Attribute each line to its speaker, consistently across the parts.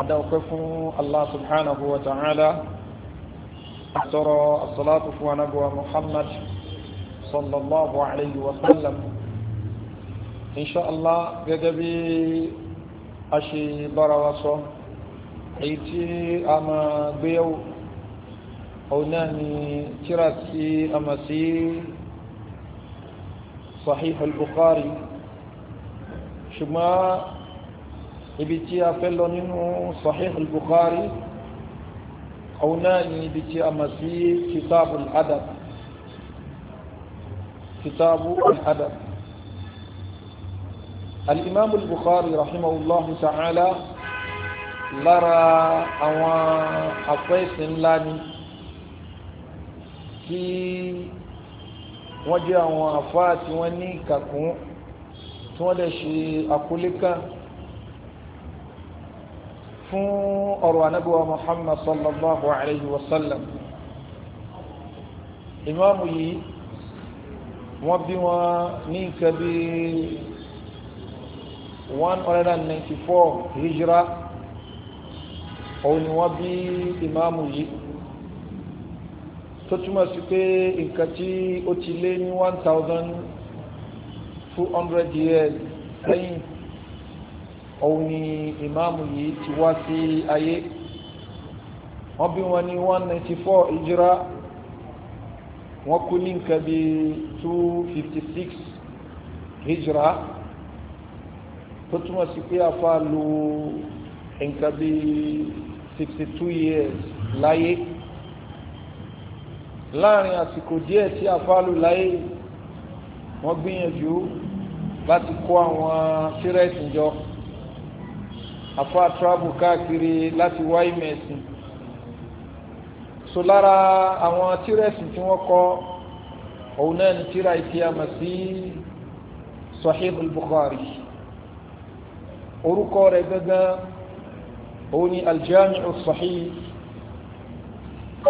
Speaker 1: adáwọ̀pẹ́ fún Allah subhanahu wa ta'ala àtọrọ as-salatu fún anábọ̀wá Muhammad sallallahu alayhi wa sallam insha Allah gẹ́gẹ́ bí a ṣe bára wa sọ èyí tí a máa gbéyàwó ọ̀nà ni tíra sí a máa sí Sahih al-Bukhari ṣùgbọ́n ibi tí a fẹ́ lọ nínú sahih al-bukhari òun náà ni ibi tí a mọ̀ sí kitabu al-adab kitabu al-adab al-imam al-bukhari rahimahullah ta'ala lára àwọn àpẹẹsẹ̀ ńlá ni tí wọ́n jẹ́ àwọn àfáà tí wọ́n ní ìkàkùn tí wọ́n lè ṣe àkólé kan fún ọ̀rọ̀ anábíwá muhammad sallallahu alayhi wa sallam ìmáàmù yìí wọ́n bí wọn ní nǹkan bí one hundred and ninety four hijra òun ni wọ́n bí ìmáàmù yìí tó túmọ̀ sí pé nǹkan tí ó ti lé ní one thousand two hundred years lẹ́yìn òun ni ìmáàmù yìí ti wá sí ayé wọ́n bí wọn ní one ninety four ìjírá wọ́n kú ní nǹkan bí two fifty six ìjírá tó túmọ̀ sí pé afa lu nǹkan bí sixty two years láyé láàrin àsìkò díẹ̀ tí afa lu láyé wọ́n gbìyànjú láti kó àwọn fírẹ́ẹ̀tì jọ afá tíráàbù káàkiri láti wá ìmọ̀ ẹ̀sìn so lára àwọn tírẹ̀sì tí wọ́n kọ́ òun náà ní tíra ìfi àmà sí Sahih al-Bukhari orúkọ rẹ̀ gangan òun ni al-Jami'u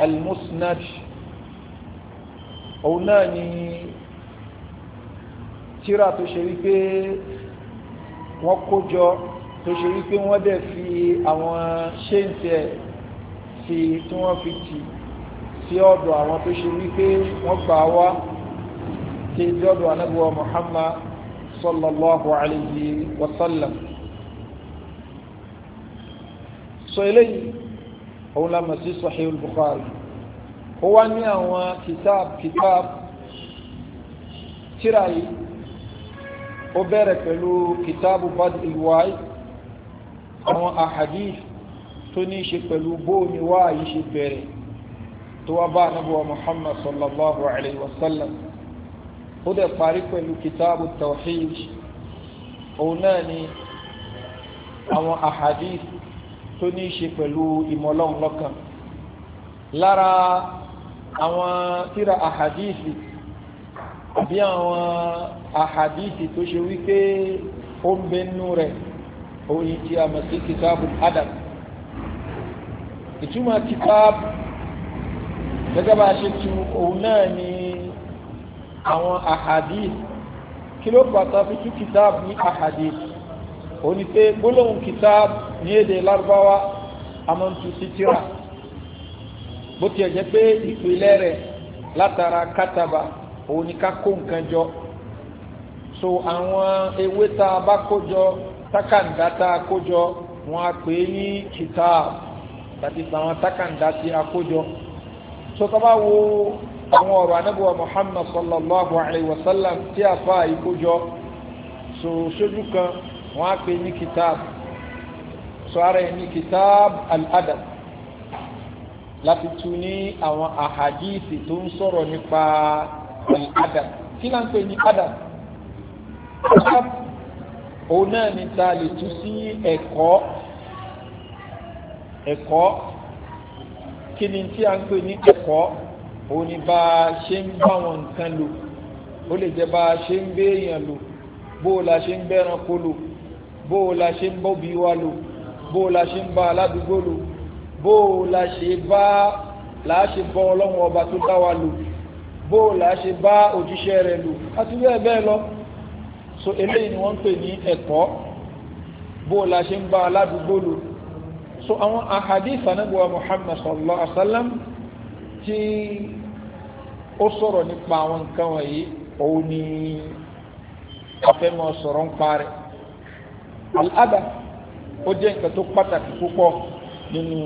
Speaker 1: al-Musnad òun náà ni tíra tó ṣe wípé wọ́n kó jọ tó ṣe wípé wọ́n dẹ̀ fi àwọn ṣéǹtì ẹ̀ sí tí wọ́n fi tì sí ọ̀dọ̀ àwọn tó ṣe wípé wọ́n gbà wá sí ti ọ̀dọ̀ anábíwá Muhammad sallallahu alayhi wa sallam so eléyìí òun la mọ̀ sí Sahih Bukhari ó wá ní àwọn kitab kitab tíra yìí ó bẹ̀rẹ̀ pẹ̀lú kitabu bad ilwai àwọn ahadith tó ní ṣe pẹ̀lú bóòni wá yìí ṣe bẹ̀rẹ̀ tó wá bá anábọ̀wá muhammad sallallahu alayhi wa sallam ó dẹ̀ parí pẹ̀lú kitabu tawhid òun náà ni àwọn ahadith tó ní ṣe pẹ̀lú ìmọ̀lọ́n lọ́kàn lára àwọn tíra ahadithi àbí àwọn ahadithi tó ṣe wípé ó ń bẹ́nu rẹ̀ òun yìí tí a mọ̀ sí kìtàbù adab ìtumọ̀ kìtàbù gẹ́gẹ́ bá a ṣe tu òun náà ni àwọn ahadith kí ló pàtàkì fi tú kìtàbù ní ahadith òun ni pé gbólóhùn kìtàbù ní èdè lárúbáwá a máa ń tu sí tíra bó tiẹ̀ jẹ́ pé ìpìlẹ̀ rẹ̀ látara kátàbà òun ni ká kó nǹkan jọ so àwọn ewé tá a bá kó jọ tákàndá tá a kójọ wọn á pè é ní kitab tàbí àwọn tákàndá tí a kójọ tó tábà wo àwọn ọ̀rọ̀ anábùwà Muhammad sallallahu alayhi wa sallam tí a fa ìkójọ so sójú kan wọn á pè é ní kitab so ara ẹ̀ ní kitab al-adab láti tu ní àwọn àhàdíìsì tó ń sọ̀rọ̀ nípa adab kí ló ń pè ní adab òun náà ni ta lè tú sí ẹ̀kọ́ ẹ̀kọ́ kí ni tí a ń pè ní ẹ̀kọ́ òun ni bá a ṣe ń bá wọn nǹkan lò ó lè jẹ́ bá a ṣe ń gbé èèyàn lò bó o la ṣe ń bẹ́ranko lò bó o la ṣe ń bọ́bí wa lò bó o la ṣe ń bá aládùúgbò lò bó o la ṣe bá láṣe bọ́ ọlọ́run ọba tó dá wa lò bó o la ṣe bá òjíṣẹ́ rẹ̀ lò àti bẹ́ẹ̀ bẹ́ẹ̀ lọ so eléyìí ni wọ́n ń pè ní ẹ̀kọ́ bó la aládùúgbò lò so àwọn ahadith anabuwa muhammad sallallahu alaihi Wasallam, sallam tí ó sọ̀rọ̀ nípa àwọn nǹkan wọ̀nyí òun ni afẹ́mọ̀ sọ̀rọ̀ ń parẹ́ al'ada ó jẹ́ nǹkan tó pàtàkì púpọ̀ nínú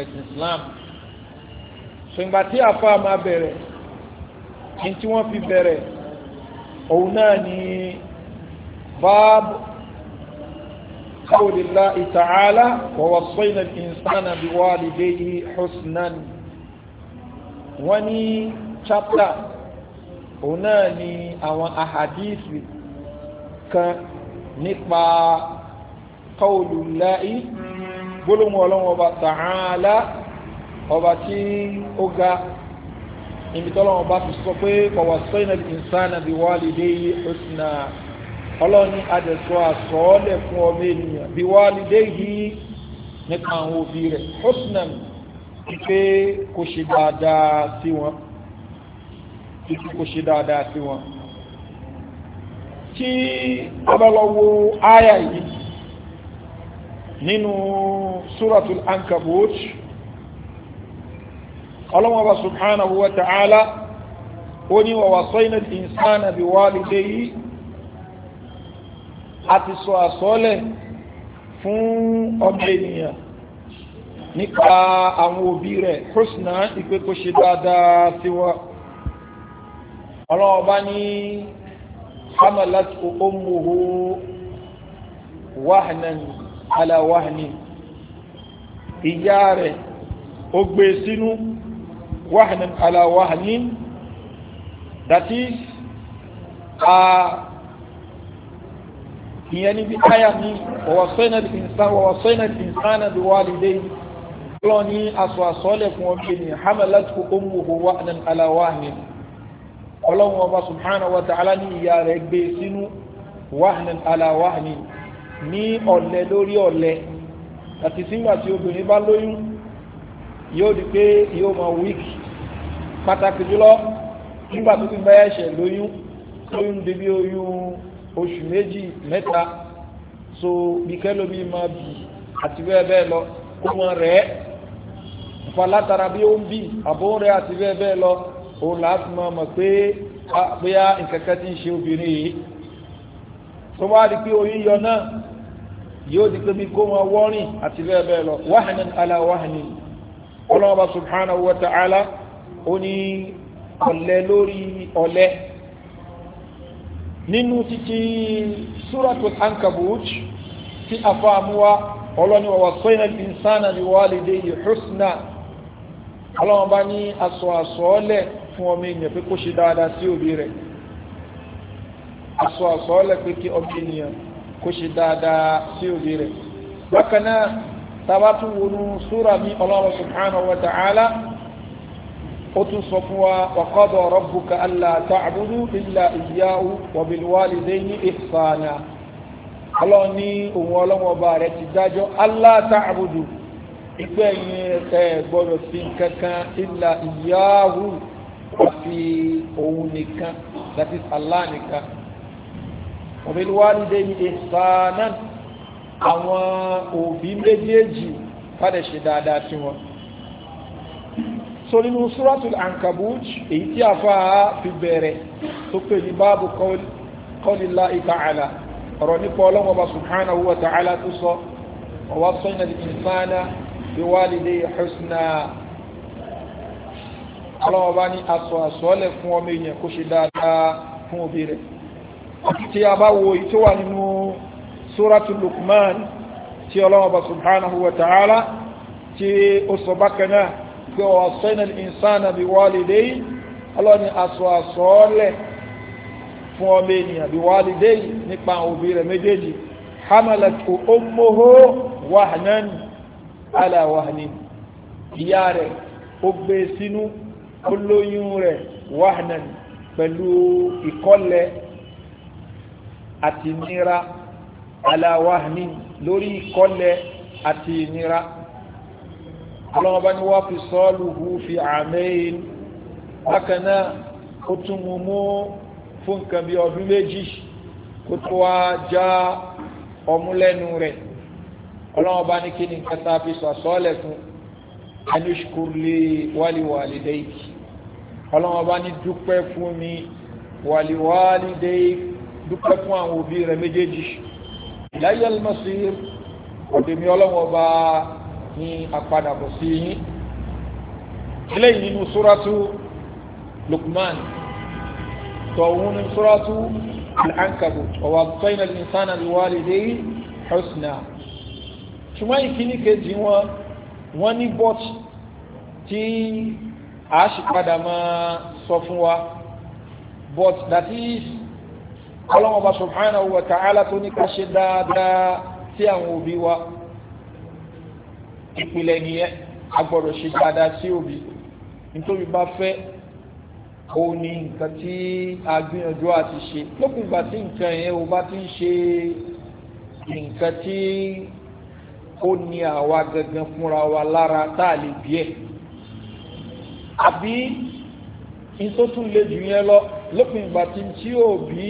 Speaker 1: ẹ̀sìn islam ṣùgbọ́n tí afa máa bẹ̀rẹ̀ ní tí wọ́n fi bẹ̀rẹ̀ òun náà ni. باب قول الله تعالى ووصينا الإنسان بوالديه حسنا وني chapter ọ̀nà ni àwọn ahadisi kan nípa qawlullahi gbólóhùn ọlọ́run ọba ta'ala ọba tí ó ga ibi tọ́lọ́run ọba fi sọ pé wa wassayna al-insana biwalidayhi husna ọlọ́ni adẹ̀sọ àsọ́ọ́lẹ̀ fún ọmọ ènìyàn bí wá lídé yìí nípa àwọn òbí rẹ̀ hosnan pé kò ṣe dáadáa sí wọn títí kò ṣe dáadáa sí wọn tí ọlọ́lọ́wọ́ áyà yìí nínú suratul ankabut ọlọ́wọ́ba subhanahu wa ta'ala ó ní wa wasayna al-insana bi walidayhi a ti sọ àsọ́ọ́lẹ̀ fún ọmọ ènìyàn nípa àwọn òbí rẹ̀ husna ìpé kó ṣe dáadáa sí wa ọlọ́ọ̀bá ní hamalat ummuhu wahnan ala wahni ìyá rẹ̀ ó gbé e sínú wahnan ala that is a uh, ìyẹn níbi táyà ní ọ̀wọ̀sọ́nà ìsànà bí wà lédè lọ ní aṣọ àṣọlẹ̀ fún ọmọ ènìyàn hamalatu ummuhu wahnan ala wahnin ọlọ́run ọba subhanahu wa ta'ala ní ìyá rẹ̀ gbé e sínú wahnan ala wahnin ní ọ̀lẹ lórí ọ̀lẹ àti sígbà tí obìnrin bá lóyún yóò di pé yóò máa wíkì pàtàkì jùlọ nígbà tó ti bá ẹ̀ṣẹ̀ lóyún lóyún débi oyún oṣù méjì mẹ́ta so bí kẹ́lómi máa bì àti bẹ́ẹ̀ bẹ́ẹ̀ lọ kó wọn rẹ̀ ẹ́ nfa látara bí ó ń bì àbó ń rẹ̀ àti bẹ́ẹ̀ bẹ́ẹ̀ lọ òun là máa mọ̀ pé bóyá nkankan ti ń ṣe obìnrin yìí tó wá di pé oyún yọ náà yóò di pé bí kó wọn wọ́rìn àti bẹ́ẹ̀ bẹ́ẹ̀ lọ wahnan ala wahnin ọlọ́mọba subhanahu wa ta'ala ó ní ọ̀lẹ́ lórí ọ̀lẹ́ nínú títí suratul ankabut tí a fa àmúwa ọlọ́ni wa wasoyna al-insana biwalidayhi husna ọlọ́wọ́n bá ní aṣọ àṣọ́ọ́lẹ̀ fún ọmọ ènìyàn pé kó ṣe dáadáa sí òbí rẹ̀ aṣọ àṣọ́ọ́lẹ̀ pé kí ọmọ ènìyàn kó ṣe dáadáa sí òbí rẹ̀ bákan náà tabatun wọnú mi ọlọ́wọ́ subhanahu wa ta'ala ó tún sọ fún wa waqada rabbuka alla ta'budu illa iyyahu wa bil walidayni ihsana ọlọ́run ní òun ọlọ́run ọba rẹ̀ ti dájọ́ alla ta'budu ìgbẹ́ yẹn ẹ gbọ́dọ̀ sí kankan illa iyyahu àfi òun nìkan that is Allah nìkan wa bil walidayni àwọn òbí méjèèjì fàdẹ̀ dáadáa sí wọn so nínú suratul ankabut èyí tí a fa fi bẹ̀rẹ̀ tó pè ní báàbù qawlillahi ta'ala ọ̀rọ̀ nípa ọlọ́wọ́ bá subhanahu wa ta'ala tó sọ wa wassayna al-insana bi walidayhi husna ọlọ́wọ́ bá ní aṣọ àṣọ́lẹ̀ fún ọmọ èèyàn kó ṣe dáadáa fún òbí rẹ̀ tí a bá wo ìtó wà nínú suratul Luqman tí ọlọ́wọ́ bá subhanahu wa ta'ala tí ó sọ bákan náà pé ọ̀ sọ́nà ìsánà bí wálìdé yìí ọlọ́ni aṣọ àṣọ́ọ́lẹ̀ fún ọmọ ènìyàn bí wálìdé yìí nípa òbí rẹ̀ méjèèjì hamalatu ummuhu wahnan ala wahnin ìyá rẹ̀ ó gbé sínú olóyún rẹ̀ wahnan pẹ̀lú ìkọ́lẹ̀ àti ìnira ala lórí ìkọ́lẹ̀ àti ìnira ọlọ́wọ́n bá ní wọ́n fi sọ́ọ́lù hu fi àmẹ́yìn bákan náà ó tún mú mú fún nǹkan bí ọdún méjì kó tó wá já ọmú lẹ́nu rẹ̀ ọlọ́wọ́n bá ní kí ni nǹkan tá a fi sọ̀sọ́ọ̀lẹ̀ fún anushkurli wàlíwàlídẹ́yìí ọlọ́wọ́n bá ní dúpẹ́ fún mi wàlíwàlídẹ́yìí dúpẹ́ fún àwọn òbí rẹ̀ méjèèjì láyé ọ̀dẹ̀mí ọlọ́wọ́n bá a ní apadàbọ̀ sí yín eléyìí nínú suratu Luqman tọ̀hún ní suratu al-Ankabut wa wassayna al-insana biwalidayhi husna ṣùgbọ́n ìkíní kejì wọn wọ́n ní bọ́t tí a ṣì padà máa sọ fún wa bọ́t that is ọlọ́mọba subhanahu wa ta'ala tó ní ká ṣe dáadáa sí àwọn òbí wa ìpìlẹ̀ nìyẹn agbọ́dọ̀ ṣe dáadáa sí òbí nítorí bá fẹ́ òun ni nǹkan tí a gbìyànjú àti ṣe lókùn ìgbà tí nǹkan yẹn o bá ti ń ṣe nǹkan tí ó ní àwa gangan fúnra wa lára tá a lè bí ẹ̀ àbí nítorí tún lè jù yẹn lọ lókùn ìgbà tí òbí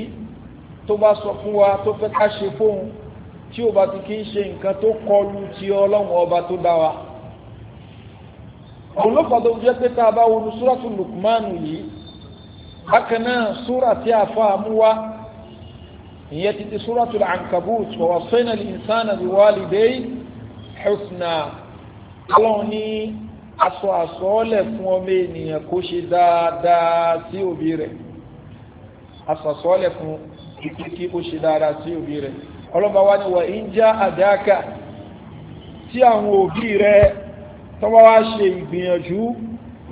Speaker 1: tó bá sọ fún wa tó fẹ́ ká ṣe fóun tí ó bá ti kí ń ṣe nǹkan tó kọlu ti ọlọ́run ọba tó dá wa òun ló fàdó jẹ́ pé tá a bá wọnú súrátù lukmanu yìí bákan náà súrà tí a fa àmúwá ìyẹn ti ti súrátù ankabut wa wasaina al insana bi walidayhi husna ọlọ́run ní aṣọ àsọ́ọ́lẹ̀ fún ọmọ ènìyàn kó ṣe dáadáa sí òbí rẹ̀ aṣọ àsọ́ọ́lẹ̀ fún kíkí kó ṣe dáadáa sí òbí rẹ̀ ọlọ́ba wa ni wà ń já àdáka tí àwọn òbí rẹ tọ́wọ́ wá ṣe ìgbìyànjú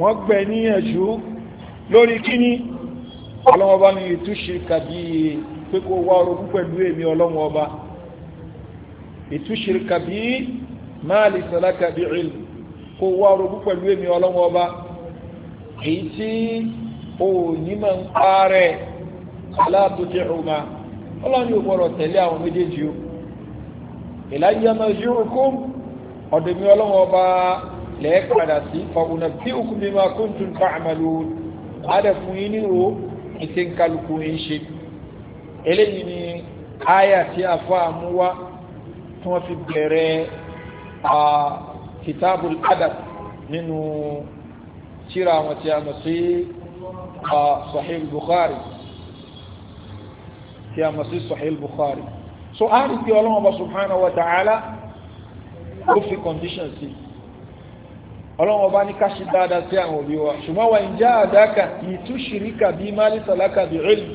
Speaker 1: wọ́n gbẹ níyànjú lórí kíní ọlọ́mọba ni ìtúṣe kàbí pé kó wá orogún pẹ̀lú èmi ọlọ́mọba ìtúṣe kàbí máa lè sọ̀lá kàbí ìlú kó wá orogún pẹ̀lú èmi ọlọ́mọba èyí tí ò ní máa ń parẹ́ aláàbòjẹ́ òun máa ọlọ́run yóò gbọ́dọ̀ tẹ̀lé àwọn méjèèjì o ìlàyé ọmọ ìṣòro kó ọ̀dọ̀ mi ọlọ́run ọba lẹ́ẹ̀kadà sí fàbùnà bí òkun mi máa kún tún fàmàlú adẹ fún yín níro ìṣe ń kálukú ń ṣe eléyìí ni àyà tí a àmúwá tí wọ́n fi bẹ̀rẹ̀ kitabul adab nínú tírà àwọn tí a mọ̀ sí sahih bukhari tí a mọ̀ sí Sahih Bukhari so a rí pé ọlọ́wọ́n bá subhanahu wa ta'ala ó fi condition sí ọlọ́wọ́n bá ní ká ṣe dáadáa sí àwọn òbí wa ṣùgbọ́n wa in jahadaka litushirika bí ma laysa laka bi ilm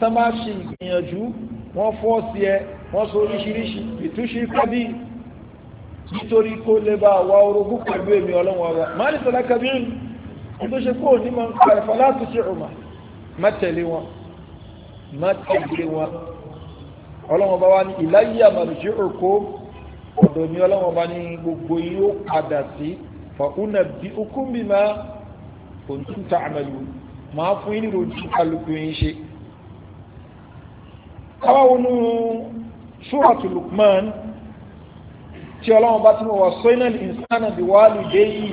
Speaker 1: tá má ṣe ìgbìyànjú wọ́n fọ́ọ̀sì ẹ wọ́n so oríṣiríṣi litushirika bí nítorí kó lè bá wa orogún pẹ̀lú èmi ọlọ́wọ́n wa ma laysa laka bi ilm ṣe kó ní ma ń láti ṣe ọmọ mẹ́tẹ̀lé wọn má tẹ̀lé wọn ọlọ́wọ́n bá wá ní ìláyé àmàlùjí òkó ọ̀dọ̀ ní ọlọ́wọ́n bá ní gbogbo yìí ó padà sí fàkúnà bí okùn bí máa òǹtún àmàlù máa fún yín nírò tí kálukú yín ṣe. káwáwo nù súràtù Lukman tí ọlọ́wọ́n bá ti wọ̀ sọ́yìnàlì ìsánà bí wàá lù dé yìí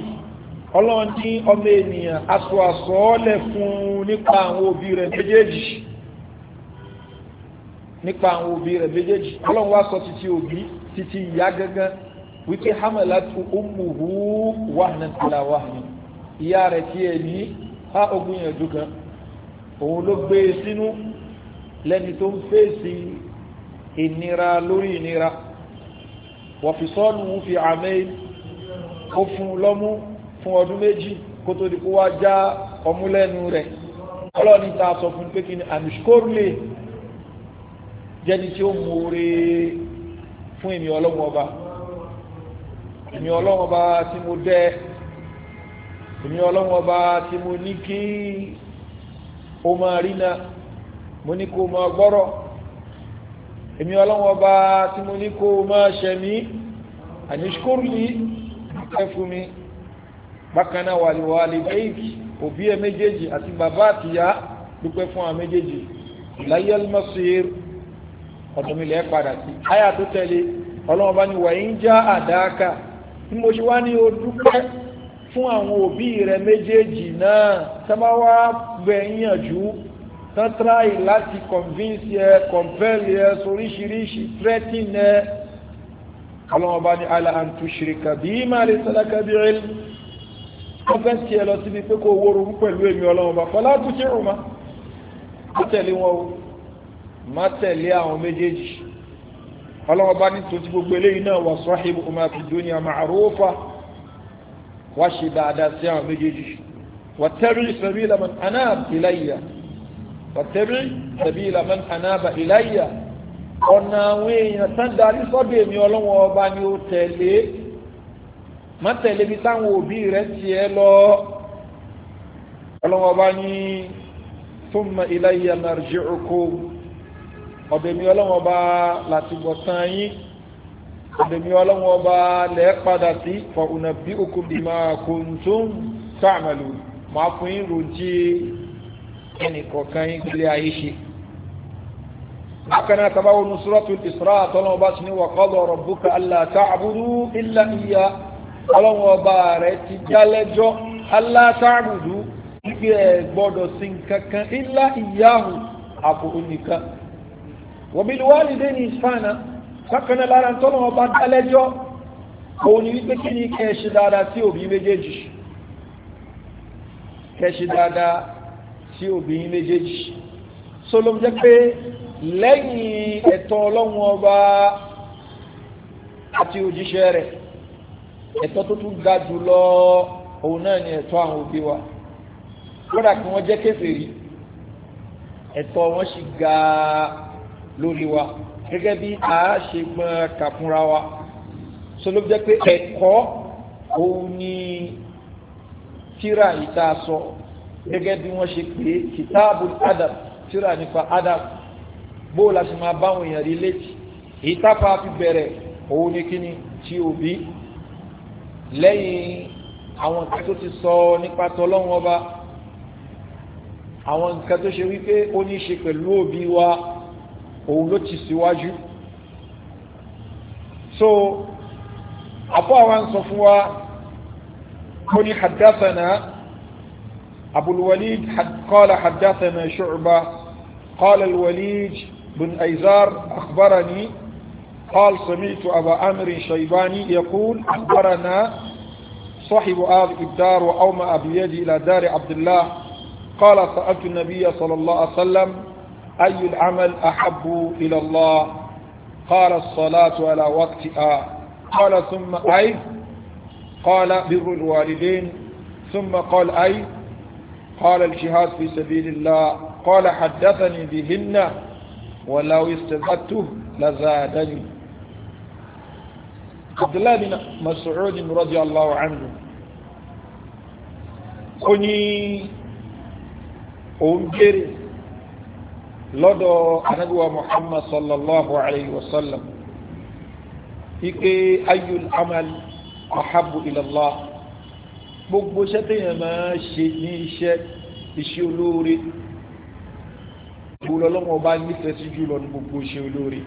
Speaker 1: ọlọ́wọ́n ní ọmọ ènìyàn aṣọ àṣọ ọ́lẹ̀ fún nípa àwọn òbí rẹ̀ méjèèjì nípa àwọn òbí rẹ̀ méjèèjì ọlọ́run wá sọ títí òbí títí ìyá gángan wípé hamalatu ummuhu wahnan ala wahnin ìyá rẹ̀ tí ẹ ní á ogun yẹn dùn kan òun ló gbé e sínú lẹ́ni tó ń fèsì ìnira lórí ìnira wọ̀fìsọ́nù fi àmẹ́ ó fún lọ́mú fún ọdún méjì kó tó di kó wá já ọmú rẹ̀ ọlọ́ni ta sọ fún pé kí ni àmìṣkórìlẹ̀ jẹ́ni tí ó mú oore fún èmi ọlọ́run ọba
Speaker 2: èmi ọlọ́run ọba tí
Speaker 1: mo dẹ́ èmi ọlọ́run ọba tí mo ní kí o máa rí náà mo ní kó o máa gbọ́rọ̀ èmi ọlọ́run ọba tí mo ní kó o máa ṣẹ̀mí àníṣkórìlì ẹ fún mi bákan náà wàlíwàlí bẹ́ẹ̀kì òbí ẹ méjèèjì àti bàbá àtìyá dúpẹ́ fún àwọn méjèèjì láyé almasir ọ̀dọ̀mílẹ̀ padà sí àyà tó tẹ̀lé ọlọ́run bá ní wàyí ń já àdáàkà ní mo ṣe wá ní o dúpẹ́ fún àwọn òbí rẹ méjèèjì náà sábàwá gbẹ̀yànjú tán láti convince ẹ compel ẹ soríṣiríṣi threaten ẹ ọlọ́run bá ní ala àǹtúṣìríkà bí má lè sọ́dákà bí rẹ wọ́n fẹ́ tiẹ̀ lọ síbi pé kó wórogún pẹ̀lú èmi ọlọ́run fọlá tó ṣe rùmá ó má tẹ̀lé àwọn méjèèjì ọlọ́wọ́ bá ní tó ti gbogbo eléyìí náà wà sọ́hìbù ma fi dunya ma'rufa wá ṣe dáadáa sí àwọn méjèèjì wà tabi' sabila man anaba ilayya wà tabi' sabila man anaba ọ̀nà àwọn èèyàn tán darí sọ́dọ̀ èmi ọlọ́wọ́ ọba ni ó tẹ̀lé má tẹ̀lé bí táwọn òbí rẹ̀ tiẹ̀ lọ ọlọ́wọ́ ọba ní thumma ilayya marji'ukum ọ̀dẹ̀mí ọlọ́wọ́n bá látìgbọ̀ tán yín ọ̀dẹ̀mí ọlọ́wọ́n bá lẹ́ padà sí fọ̀ùnà bí okùn bí máa kò ń tó ń sàmàlù máa fún yín rojí ẹnìkọ̀ọ̀kan yín kílé ayé ṣe. akana tabawo nusuratu isra tọ́lọ́wọ́n bá ti ní wàkọ́lọ̀ ọ̀rọ̀ bùkà allah ta'budu illa iya ọlọ́wọ́n bá rẹ̀ ti jálẹ́jọ́ allah ta'budu gbígbé ẹ̀ gbọ́dọ̀ sí nǹkan kan illa iyahu àbò nìkan. وبالوالدين إحسانا فكنا لا نتولى وبعد ألجو كوني بكني كيش دادا تيو بي مجيجش كيش دادا تيو بي مجيجش سلم جكبي lẹ́yìn ẹ̀tọ́ ọlọ́run ọba àti òjíṣẹ́ rẹ̀ ẹ̀tọ́ tó tún ga jù lọ òun náà ni ẹ̀tọ́ àwọn òbí wa kódà kí wọ́n jẹ́ kèfèrí ẹ̀tọ́ wọn sì ga lórí wa gẹ́gẹ́ bí a ṣe mọ́ kàfúnra wa so ló jẹ́ pé ẹ̀kọ́ òun ni tíra ìta sọ gẹ́gẹ́ bí wọ́n ṣe pé kìtáàbù adab tíra nípa adab bó la ṣe máa báwọn èèyàn rí létí ìtafà fi bẹ̀rẹ̀ òun ni kíni tí òbí lẹ́yìn àwọn nǹkan tó ti sọ nípa tọlọ́wọ́n ọba àwọn nǹkan tó ṣe wípé ó ní í ṣe pẹ̀lú òbí wa. òun ló ti síwájú so àpò àwọn sọ fún wa ó ní haddathana abulwalid qala haddathana shu'ba qala alwalid بن أيزار أخبرني قال سمعت أبا أمر شيباني يقول أخبرنا صاحب هذه الدار وأومأ بيدي إلى دار عبد الله قال سألت النبي صلى الله عليه وسلم أي العمل أحب إلى الله قال الصلاة على وقتها قال ثم أي قال بر الوالدين ثم قال أي قال الجهاد في سبيل الله قال حدثني بهن ولو استفدته لزادني عبد الله بن مسعود رضي الله عنه كني أنكر lọ́dọ̀ anábíwá muhammad sallallahu alayhi wa sallam ike ayul amal ahabu ilallah gbogbo iṣẹ́ téèyàn máa ṣe ní iṣẹ́ iṣẹ́ olóore ìwúlọ lọ́wọ́ ọba nífẹ̀ẹ́ sí jùlọ ní gbogbo iṣẹ́ olóore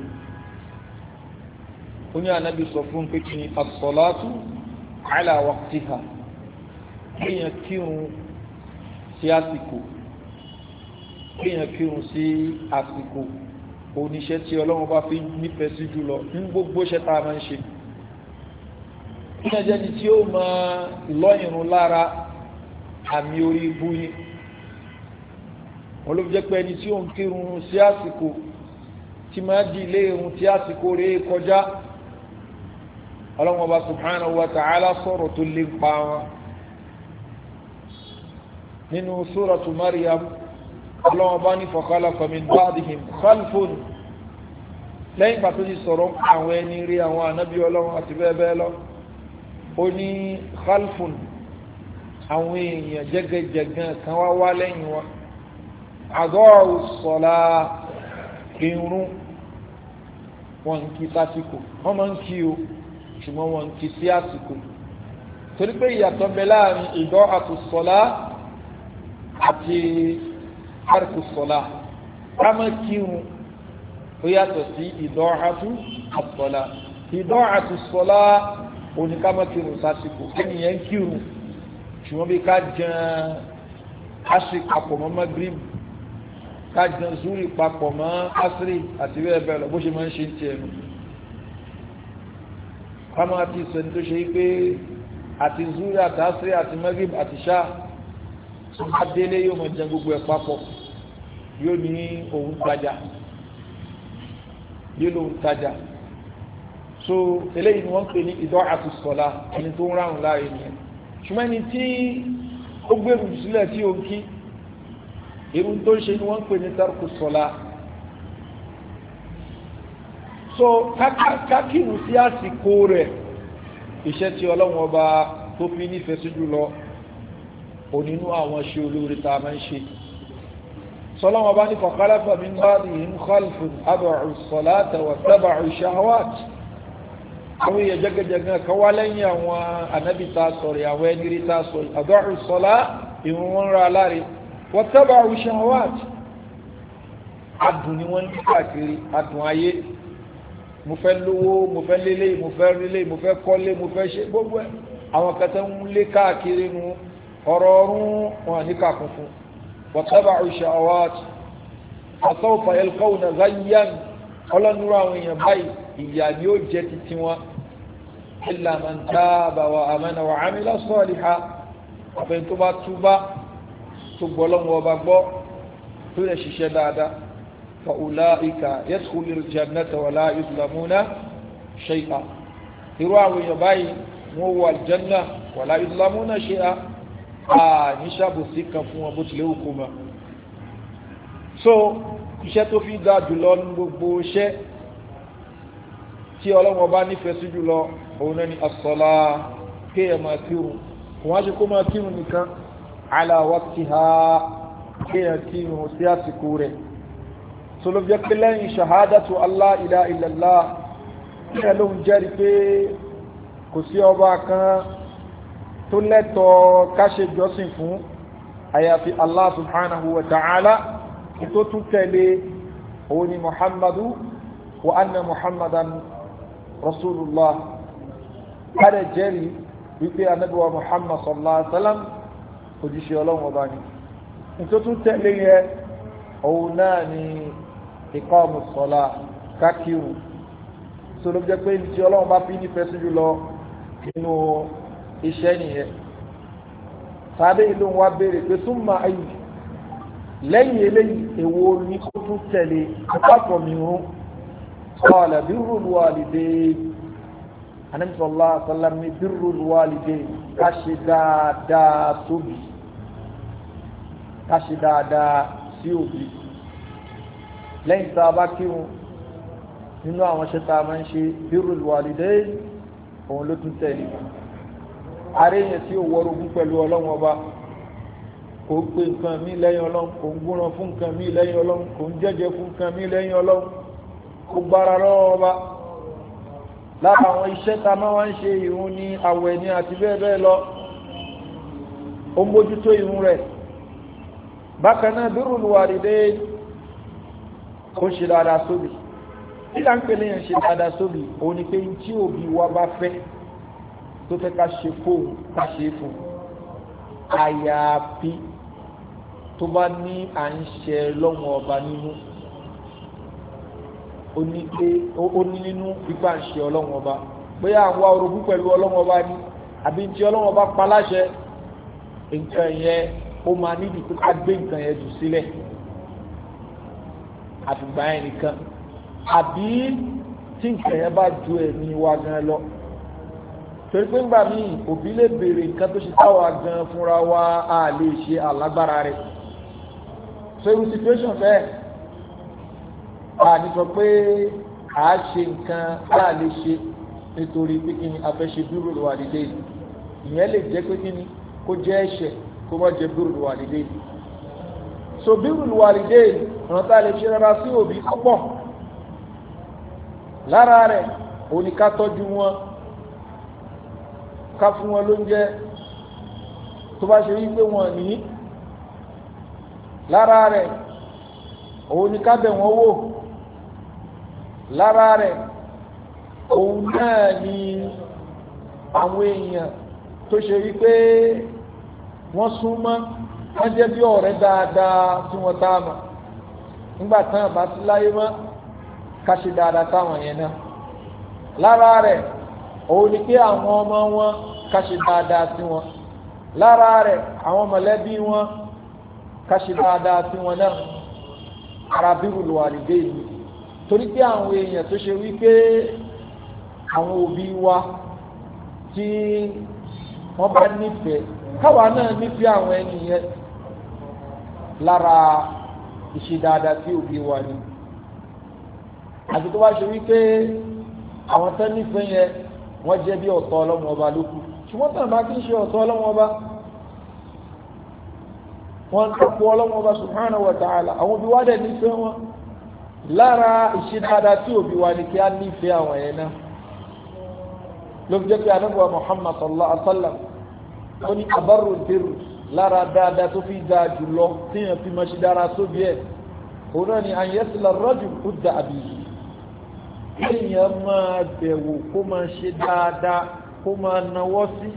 Speaker 1: oní anábì sọ fún pé kí ni asọ́látù ala waqtiha kéèyàn kírun sí àsìkò kéèyàn kírun sí àsìkò oníṣẹ́ tí ọlọ́run bá fi nífẹ̀ẹ́ sí jùlọ ní gbogbo iṣẹ́ tá a máa ń ṣe kéèyàn jẹ́ni tí ó ma lọ ìrun lára àmì orí ibú ni wọ́n ló fi jẹ́ pé ẹni tí ó ń kírun sí àsìkò tí máa di ilé ìrun tí àsìkò rẹ̀ kọjá ọlọ́run ọba subhanahu wa ta'ala sọ̀rọ̀ tó lé pa wọn nínú suratu Maryam ọlọ́wọ́n bá ní fakhalafa min ba'dihim khalfun lẹ́yìn ìgbà tó ti sọ̀rọ̀ àwọn ẹni rí àwọn ànábí ọlọ́wọ́n àti bẹ́ẹ̀ bẹ́ẹ̀ lọ ó ní khalfun àwọn èèyàn jẹ́gẹ́jẹ̀gán kan wá wá lẹ́yìn wa àgọ́rù sọ̀la irun wọn ń kí sásìkò wọ́n máa ń kí o ṣùgbọ́n wọn ń kí sí àsìkò torí pé ìyàtọ̀ bẹ láàrin ìdọ́ àtùsọ̀lá àti harku sọlá kámá kírun ó yàtọ̀ sí ìdọ́hàtú àsọlá ìdọ́hàtú sọlá òní kámá kírun sásìkò ènìyàn kírun ṣùgbọ́n bí ká jẹun àṣìkàpọ̀ mọ́ magrebi ká jẹun zúrì papọ̀ mọ́ asiri àti bẹ́ẹ̀ bẹ́ẹ̀ lọ bó ṣe máa ń ṣe ń tiẹ̀ nù kámá ti sẹ́ni tó ṣe é asiri àti magrebi àti ṣáà tó bá délé yóò máa jẹ gbogbo ẹ̀ papọ̀ yóò ní òun gbajà yóò lóun tajà so eléyìí ni wọ́n ń pè ní ìdọ́ àtúnṣọlá ẹni tó ń ráhùn láàyè nìyẹn ṣùgbọ́n ẹni tí ó gbèrú sílẹ̀ tí ó ń kí irun tó ń ṣe ni wọ́n pè ní tarkusọlá so kákìrù sí àsìkò rẹ̀ iṣẹ́ tí ọlọ́run ọba tó fi nífẹ̀ẹ́ sí jùlọ onínú àwọn ṣe olóore tá a máa ń ṣe sọlọ́wọ́n bá ní fọ̀kálẹ́fọ̀ mi ń bá ní ìhìn khalfun abẹ̀rù sọ̀láta wà tábàrù shahwat àwọn èèyàn jẹ́gẹ́jẹ́gẹ́ kan wá lẹ́yìn àwọn anábì tá a sọ̀rọ̀ àwọn ẹni rí tá a sọ̀rọ̀ àbẹ̀rù sọ̀lá ìrun wọn ra láre wà tábàrù shahwat adùn ni wọ́n ń káàkiri adùn ayé mo fẹ́ lówó mo fẹ́ lélẹ́yìn mo fẹ́ rílẹ́yìn mo fẹ́ kọ́lé mo fẹ́ ṣe gbogbo àwọn kẹtẹ́ ń lé káàkiri nu ọ̀rọ̀ ọ̀run wọn àníkà kún fún wọ́tábà ṣàwát àsọ́fà ẹlkọ́wùnà záyán ọlọ́nurú àwọn èèyàn báyìí ìyà ni ó jẹ́ títí wọn ilà máa ń dáàbà wa àmàna wa àmìlá sọ́ọ̀lì ha ọ̀fẹ́ni tó bá túbá tó gbọ́ lọ́wọ́ ọba gbọ́ tó lè ṣiṣẹ́ dáadáa fa ulaika yadkhulu aljannata wa la yuzlamuna shay'a irú àwọn èèyàn báyìí wọ́n wọ aljanna wa la yuzlamuna shay'a àníṣàbòsí kan fún wọn bó tilẹ̀ òkú mọ́ so iṣẹ́ tó fi dáa jùlọ ní gbogbo iṣẹ́ tí ọlọ́wọ́ bá nífẹ̀ẹ́ sí jùlọ òun náà ni asọ́lá kéèyàn máa kírun kò wá ṣe kó máa kírun nìkan ala waqtiha kéèyàn kírun sí àsìkò rẹ̀ so ló jẹ́ pé lẹ́yìn ṣahádàtú Allah ilaha illallah kéèyàn lóun jẹ́rìí pé kò sí ọba kan tó lẹ́tọ̀ọ́ káṣe jọ́sìn fún àyàfi Allah subhanahu wa ta'ala tó tún tẹ̀lé òun ni muhammadu wa anna muhammadan rasulullah kárẹ̀ jẹ́rìí wípé anábíwá muhammad sallallahu alaihi wasallam òjíṣẹ́ ọlọ́run ọba ni tó tún tẹ̀lé yẹ òun náà ni ìkọ́ọ̀mù sọ̀la kákírù sọlọ́bí jẹ́ pé ìjíṣẹ́ ọlọ́run bá fi nífẹ̀ẹ́ sí jùlọ nínú iṣẹ́ nìyẹn sábẹ́ ìlú wa béèrè pé tún máa ayù lẹ́yìn eléyìí èwo ni kó tún tẹ̀lé apapọ̀ mìíràn qala birrul walidayn Ànábì sallallahu alaihi wasallam ní birrul walidayn ká ṣe dáadáa tóbi ká dáadáa sí òbí lẹ́yìn tá a bá kírun nínú àwọn ṣe máa ń ṣe birrul walidayn òun ló tún tẹ̀lé àríyàn tí ó wọrogún pẹ̀lú ọlọ́run ọba kò ń pe nǹkan mí lẹ́yìn ọlọ́run kò ń gúnran fún nǹkan mí lẹ́yìn ọlọ́run kò ń jẹ́jẹ́ fún nǹkan mí lẹ́yìn ọlọ́run kò gbára lọ́wọ́ ọba lára àwọn iṣẹ́ ta máa wá ń ṣe ìrun ní àwẹ̀ ní àti bẹ́ẹ̀ bẹ́ẹ̀ lọ ó mójútó ìrun rẹ̀ bákan náà dúró lu àdìdé ó ń ṣe dáadáa sóbì nígbà ń pè léyìn ṣe dáadáa sóbì òun ni pé tí òbí wa bá fẹ́ tó fẹ́ ká ṣe fóun ká ṣe é fún àyàfi tó bá ní à ń ṣe lọ́wọ́n ọba nínú ó ní nínú ń ṣe ọlọ́wọ́n ọba bóyá àwọn orogún pẹ̀lú ọlọ́wọ́n ọba ni àbí tí ọlọ́wọ́n ọba pa láṣẹ nǹkan yẹn ó máa níbi pé ká gbé nǹkan yẹn jù sílẹ̀ àfìgbà yẹn nìkan àbí tí nǹkan yẹn bá ju ẹ̀mí wa gan lọ torí pé ńgbà míì òbí lè béèrè nǹkan tó ṣe táwa gan fúnra wa a lè ṣe alágbára rẹ̀ so irú situation bẹ́ẹ̀ a ní pé a ṣe nǹkan a lè ṣe nítorí pé kí ni a dúró lọ́wọ́ àdídé ìyẹn lè jẹ́ pé kí ni kó jẹ́ ẹ̀ṣẹ̀ kó má jẹ́ dúró lọ́wọ́ àdídé yìí so dúró lọ́wọ́ àdídé yìí ọ̀nà tá a lè ṣe rárá sí òbí ọ̀pọ̀ lára rẹ̀ òní ká tọ́jú wọn ká fún wọn lóúnjẹ tó bá ṣe wípé wọn ní lára rẹ̀ òun ni ká bẹ̀ wọ́n wò lára rẹ̀ òun náà ni àwọn èèyàn tó ṣe wípé wọ́n súnmọ́ wọ́n jẹ́ bí ọ̀rẹ́ dáadáa tí wọ́n tá a mọ̀ nígbà tán àbá sí láyé mọ́ ká ṣe dáadáa táwọn yẹn náà lára rẹ̀ òun ni pé àwọn ọmọ wọn ká ṣe dáadáa sí wọn lára rẹ̀ àwọn mọ̀lẹ́bí wọn ká ṣe dáadáa sí wọn náà ara bírù lò àlìdé yìí torí pé àwọn èèyàn tó ṣe wípé àwọn òbí wa tí wọ́n bá nífẹ̀ẹ́ káwa náà nífẹ̀ẹ́ àwọn ẹni lára ìṣe dáadáa sí òbí wa ni àti tó wá ṣe wípé àwọn tó nífẹ̀ẹ́ yẹn wọ́n jẹ́ bí ọ̀tọ̀ ọlọ́run ọba lókù ṣùgbọ́n tàn bá kí ń ṣe ọ̀tọ̀ ọlọ́run ọba wọ́n ń tọ́pọ̀ ọlọ́run ọba subhanahu wa ta'ala àwọn òbí wa dẹ̀ nífẹ̀ẹ́ wọn lára ìṣe dáadáa tí òbí wa ni kí á nífẹ̀ẹ́ àwọn ẹ̀yẹ náà ló fi jẹ́ pé anábọ̀ Muhammad sallallahu alaihi wa sallam ó ní kéèyàn máa bẹ̀wò kó máa ṣe dáadáa kó máa nawọ́ sí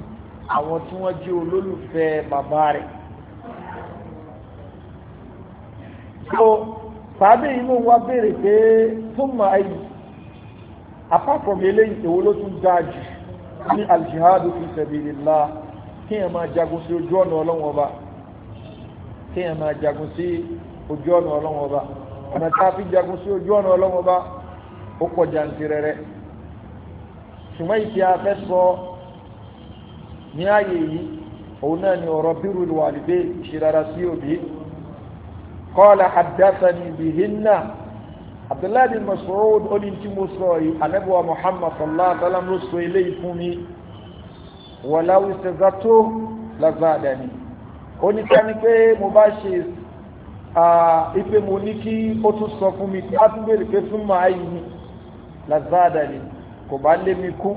Speaker 1: àwọn tí wọ́n jẹ́ olólùfẹ́ bàbá rẹ̀. so tàbí inú wa béèrè pé tó máa yìí apart from eléyìí èwo ló tún dáa jù ní aljihadu fi sabilillah kéèyàn máa jagun sí ojú ọ̀nà ọlọ́wọ́n ọba kéèyàn máa jagun sí ojú ọ̀nà ọlọ́wọ́n ọba ọ̀nà tá a fi jagun sí ojú ọ̀nà ọlọ́wọ́n ọba ó pọ̀ jantirẹrẹ ṣùgbọ́n ìfi afẹ́ sọ ní ààyè yìí òun náà ni ọ̀rọ̀ bírù wàlìdé ìṣirara sí òbí kọ́ọ̀lá àdásánì bìhínà abdullahi bin masoud ó ní tí mo sọ yìí alẹ́bùwà muhammad sallallahu alaihi wa sallam ló sọ ilé yìí fún mi wàláwù sẹ́zátó lazadani ó ní ká pé mo bá ṣe ipe mo ní kí ó tún sọ fún mi kí á tún béèrè pé fún màá yìí lazada ni kò bá lé mi kún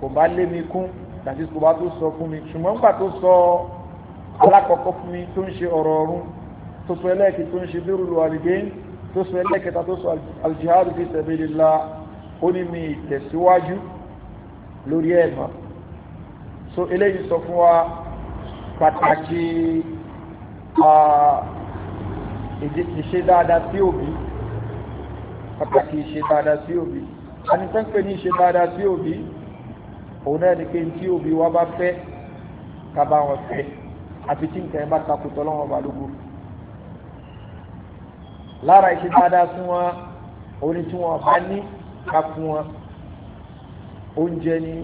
Speaker 1: kò bá lé mi kún tàbí kò bá tó sọ fún mi ṣùgbọ́n nígbà tó sọ alákọ̀ọ́kọ́ fún mi tó ń ṣe ọ̀rọ̀ ọ̀run tó sọ ẹlẹ́ẹ̀kì tó ń ṣe bẹ́rù lu àlìgẹ́yìn tó sọ ẹlẹ́ẹ̀kẹta tó sọ aljihadu fi sabilillah ó ní mi tẹ̀síwájú lórí ẹ̀mọ́ so eléyìí sọ fún wa pàtàkì ah, ìṣe dáadáa sí òbí pàtàkì ìṣe dáadáa sí òbí ẹni tó ń pè ní ìṣe dáadáa sí òbí òun náà ni pé tí òbí wa bá fẹ́ ká bá wọn fẹ́ àti tí nǹkan yẹn bá takùtọ̀ lọ́wọ́ balógun lára ìṣe dáadáa sí wọn òun tí wọn bá ní ká fún wọn oúnjẹ ni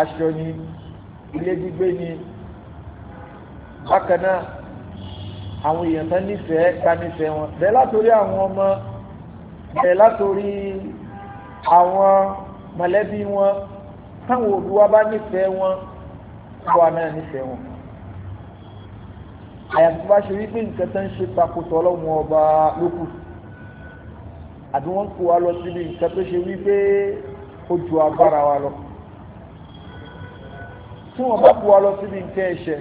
Speaker 1: aṣọ ni ilé gbígbé ni bákan náà àwọn èèyàn tán nífẹ̀ẹ́ ká nífẹ̀ẹ́ wọn bẹ́ẹ̀ látòrí àwọn ọmọ ẹ̀ látòrí àwọn mọ̀lẹ́bí wọn táwọn òbí wa bá nífẹ̀ẹ́ wọn wà náà nífẹ̀ẹ́ wọn àyàfi bá ṣe wípé nǹkan tó ń ṣe takòtò ọlọ́run ọba lókù àbí wọ́n kó wa lọ síbi nǹkan tó ṣe wípé ó ju agbára wa lọ tí wọ́n bá kó wa lọ síbi nǹkan ẹ̀ṣẹ̀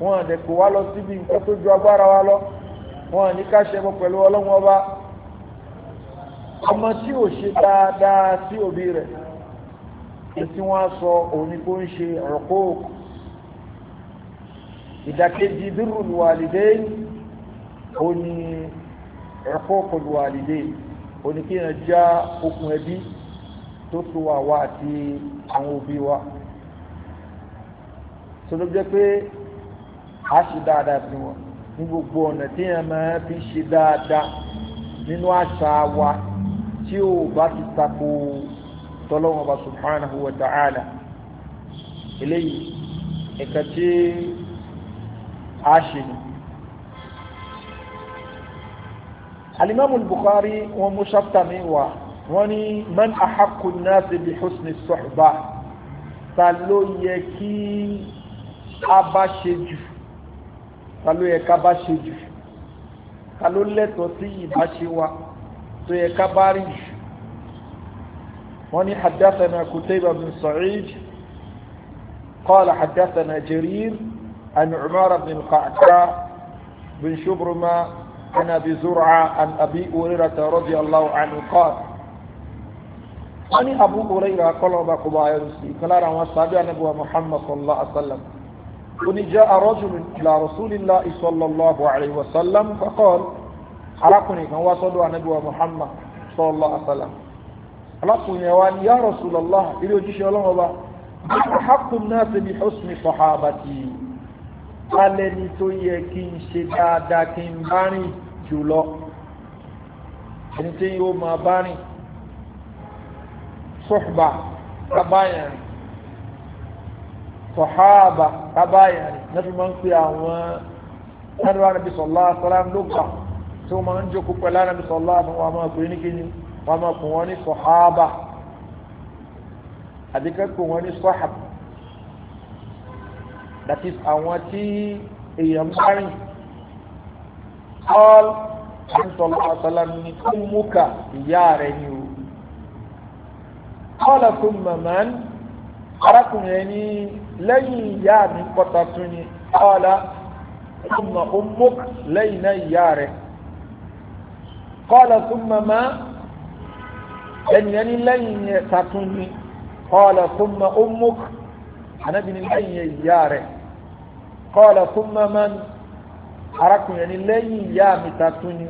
Speaker 1: wọ́n àdẹ̀ wa lọ síbi nǹkan tó ju agbára wa lọ wọ́n àníkàṣẹ́ bọ́ pẹ̀lú ọlọ́run ọba ọmọ tí ò ṣe dáadáa sí òbí rẹ̀ tí wọ́n sọ òun ni kó ń ṣe ọ̀pọ̀ òkú ìdàkejì birrul walidayn òun ni ẹ̀kọ́ pẹ̀lú walidayn òun ni kí n já okùn ẹbí tó so wà wá àti àwọn òbí wa tó jẹ́ pé a ṣe dáadáa sí wọn ní gbogbo ọ̀nà tí yẹn máa fi ṣe dáadáa nínú àṣà wa tí ó bá ti tako tọ́lọ́wọ́n bá subhanahu wa ta'ala eléyìí ẹ̀ka tí a ṣe ni alimamu bukhari wọn mú ṣáptà mi wá wọn ni man ahaqqu an-nas bi husni suhba ta ló yẹ kí a bá ṣe jù ta ló yẹ ká bá ṣe jù ta ló lẹ́tọ̀ọ́ sí ìbáṣe wa tó yẹ ká bá rí wọ́n ní haddathana Kutayba bin Sa'id qala haddathana Jarir an Umar bin Qa'qa bin Shubruma an Abi Zur'a an Abi Hurayrata radiyallahu anhu qala wọ́n ní Abu Hurayra kọ́lọ́ba kò bá yẹn sí kan lára àwọn sábẹ́ Muhammad sallallahu alaihi wa sallam ó ní ja'a ila Rasulillahi sallallahu alaihi wa sallam faqala arákùnrin kan wá sọ́dọ̀ ànábì wa muhammad sallallahu alaihi wasallam arákùnrin wa ni ya rasulallah ilé ojúṣe ọlọ́wọ́ bá hakun náà ti bi husni sahabati alẹ́ ni tó yẹ kí n ṣe dáadáa kí n bá rìn jùlọ ẹni tí yóò máa bá rìn sọ́hbà kábáyàrin sọ̀háàbà kábáyàrin náà fi máa ń pè àwọn ẹni wa nàbí sallallahu alaihi wasallam ló tí wọ́n máa ń jókòó pẹ̀lú ànábì sọ̀lá àfún wa máa pè ní kíni wọ́n máa pè wọ́n ní sọ̀hábà àdìkẹ́kọ̀ọ́ wọn ní sọ́hàb that is àwọn tí èèyàn bá rìn all ń sọ̀lá àṣàlá ní ummuka ìyá rẹ̀ ni o all of maman arákùnrin ẹni lẹ́yìn ìyá mi pọ́tà tún ni all of ummuka lẹ́yìn náà ìyá rẹ̀ kọ́ọ̀lọ̀ fún màmá ẹnìyẹn ní lẹ́yìn yẹn tàtún ni kọ́ọ̀lọ̀ fún ma ó mú ànábì ní lẹ́yìn yẹn ìyá rẹ̀ kọ́ọ̀lọ̀ fún màmá arákùnrin ní lẹ́yìn ìyá mi tàtún ni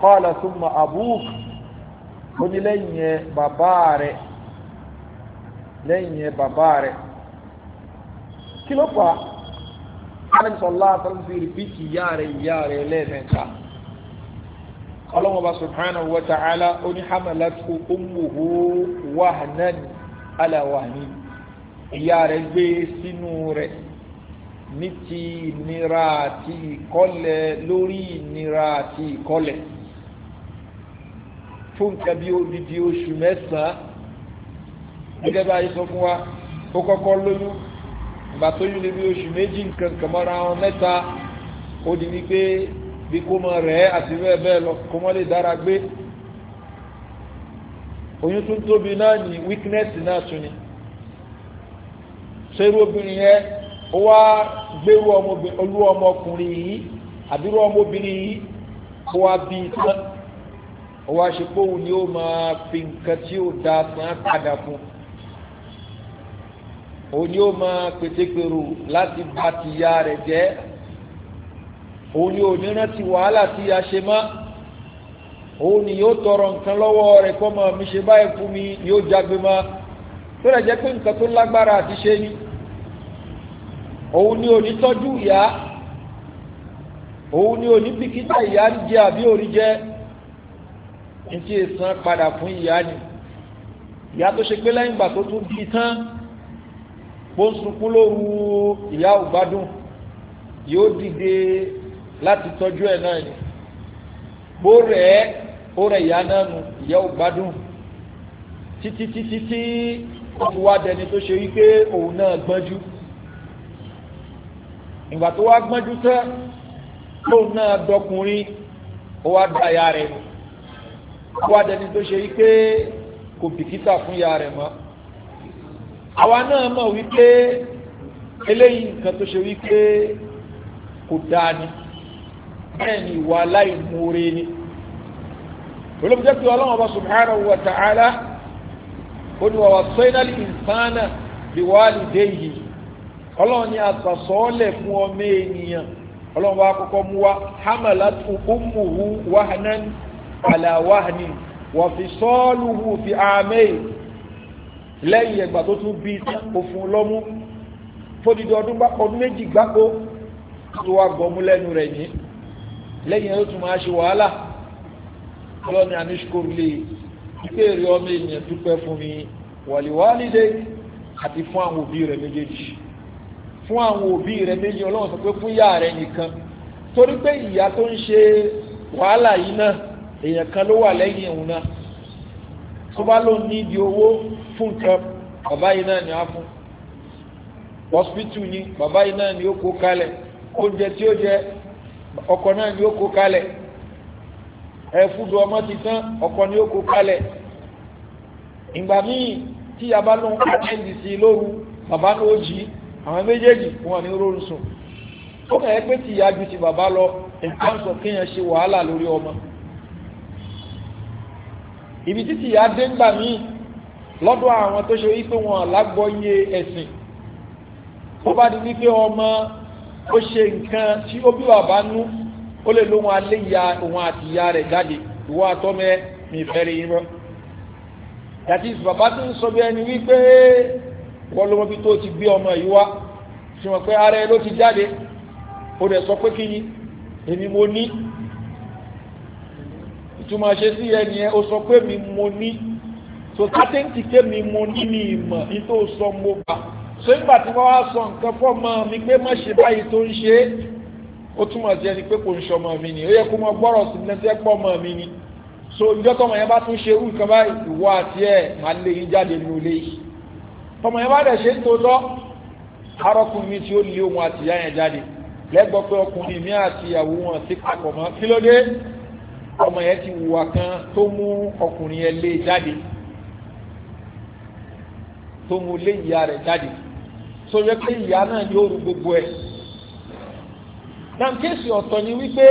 Speaker 1: kọ́ọ̀lọ̀ fún ma àbúk ó ní lẹ́yìn yẹn bàbá rẹ̀ lẹ́yìn yẹn bàbá rẹ̀ kí ló fà á? Ànábì sallallahu alaihi rìpíìtì ìyá rẹ̀ ìyá rẹ̀ lẹ́ẹ̀mẹ́ta ọlọ́mọba subhanahu wa ta'ala oní hamalatu ummuhu wahnan ala wahnin ìyá rẹ̀ gbé sínú rẹ̀ ní ti ìnira àti ìkọlẹ̀ lórí ìnira àti ìkọlẹ̀ fún nǹkan bí odidi oṣù mẹ́sàn-án gẹ́gẹ́ bá a sọ fún wa ó kọ́kọ́ lóyún ìgbà tó yún ní oṣù méjì nǹkan kàmọ́ra wọn mẹ́ta ó di wípé bí kó mọ rẹ̀ àti bẹ́ẹ̀ bẹ́ẹ̀ lọ kó mọ́ lè dára gbé oyún tó tóbi náà ní weakness náà tún ni ṣé irú obìnrin yẹn ó wá gbérú olú ọmọkùnrin yìí àbírú ọmọbìnrin yìí ó wá bí tán ó wá ṣe pé òun ni ó máa fi nǹkan tí ó da san padà fún un òun ni ó máa pètèpèrò láti bá ti ya rẹ̀ jẹ́ òun yóò ní rántí wàhálà tí a ṣe mọ́ òun ni yóò tọrọ nǹkan lọ́wọ́ rẹ̀ kọ́ mọ́ mi ṣe báyìí fún mi yóò jágbe mọ́ tó rẹ̀ jẹ́ pé nǹkan tó lágbára àti ṣe ni òun ni òní tọ́jú ìyá òun ni òní bìkítà ìyá ń jẹ àbí òrí jẹ ní tí èsàn padà fún ìyá ni ìyá tó ṣe pé lẹ́yìn ìgbà tó tún bí tán bó ń sunkún ìyá ò yóò dìde láti tọ́jú ẹ̀ náà ni bó rẹ̀ ẹ́ ó rẹ̀ ìyá náà nù ìyá ò gbádùn títí títí tí ó fi wá dẹni tó ṣe wípé òun náà gbọ́njú ìgbà tó wá gbọ́njú tán lóun náà dọkùnrin ó wá da ìyá rẹ̀ nù ó wá dẹni tó ṣe wípé kò bìkítà fún ìyá rẹ̀ mọ́ àwa náà mọ̀ wípé eléyìí nǹkan tó ṣe wípé kò dáa ni bẹ́ẹ̀ ni ìwà aláìmoore ni olóògbé jẹ́ pé ọlọ́run ọba subhanahu wa ta'ala ó ní wàá sọ́yìnàl ìnsánà bí wàá lè dé yìí ọlọ́run ní àtàsọ́ọ́lẹ̀ fún ọmọ ènìyàn ọlọ́run wa kọ́kọ́ mú wa hamalatu ummuhu wahanan ala wahnin wa fisaluhu fi amayn lẹ́yìn ẹgbà tó tún bí òfin lọ́mú fódìdí ọdún méjì gbáko tó wà gbọ́mú lẹ́nu rẹ̀ yìí lẹ́yìn ó tún máa ṣe wàhálà ọlọ́ni anishkorle ìbéèrè ọmọ ènìyàn dúpẹ́ fún mi wàlíwálídé àti fún àwọn òbí rẹ̀ méjèèjì fún àwọn òbí rẹ̀ méjèèjì ọlọ́run sọ pé fún ìyá rẹ̀ nìkan torí pé ìyá tó ń ṣe wàhálà yìí náà èèyàn kan ló wà lẹ́yìn òun náà tó bá ló ní ibi owó fún nǹkan bàbá yìí náà ni á fún hospital ni bàbá yìí náà ni ó kó kalẹ̀ oúnjẹ tí ó jẹ ọkọ̀ náà ni ó kó kalẹ̀ ẹ̀fúdù ọmọ ti tán ọkọ̀ ni ó kó kalẹ̀ ìgbà míì tí a bá lóun àtẹ́ǹdì sí lóru bàbá ní ó jí àwọn méjèèjì wọn ní rórun sùn ó kàn ẹ́ pé ti ìyá ju ti bàbá lọ nǹkan sọ kéèyàn ṣe wàhálà lórí ọmọ ibi títí ìyá dé ńgbà míì lọ́dọ̀ àwọn tó ṣe wípé wọn àlágbọ́yé ẹ̀sìn tó bá di wípé ọmọ ó ṣe nǹkan tí ó bí bàbá nú ó lè lóhun alé ya òun àti ìyá rẹ̀ jáde ìwọ àtọ́mẹ́ mi fẹ́ rí irọ́ that is bàbá tó ń sọ bí ẹni wípé wọ́n ló mọ́ bí tó ti gbé ọmọ yìí wá tí wọ́n pé ara ẹ ló ti jáde ó dẹ̀ sọ pé kí ni èmi mo ní ìtumọ̀ ṣe sí ẹni ẹ ó sọ pé mi mo ní so tátẹ́ǹtì ké mi mo ní mi ìmọ̀ ní tó sọ mo gbà so nígbà tí wọ́n wá sọ nǹkan fọ́ mọ́ mi pé má ṣe báyìí tó ń ṣe é ó túmọ̀ sí ẹni pé kò ń ṣọmọ mi ni ó yẹ kó mọ gbọ́rọ̀ sí lẹ́sí ẹ̀ pọ̀ mọ́ mi ni so ìjọ tọmọ yẹn bá tún ṣe irú nǹkan báyìí ìwọ àti ẹ máa lé yín jáde nínú ilé yìí tọmọ yẹn bá dẹ̀ ṣe ń tòótọ́ arọkùnrin tí ó lé òun àtìyá yẹn jáde lẹ́gbọ́ pé ọkùnrin mi àti ìyàwó wọn ti papọ̀ mọ́ kí ló dé ọmọ yẹn ti wùwà kan tó mú ọkùnrin yẹn lé jáde tó mú lé ìyá rẹ̀ jáde tó yẹ pé ìyá náà ni ó ru gbogbo ẹ̀ náà kéèsì ọ̀tọ̀ ni wípé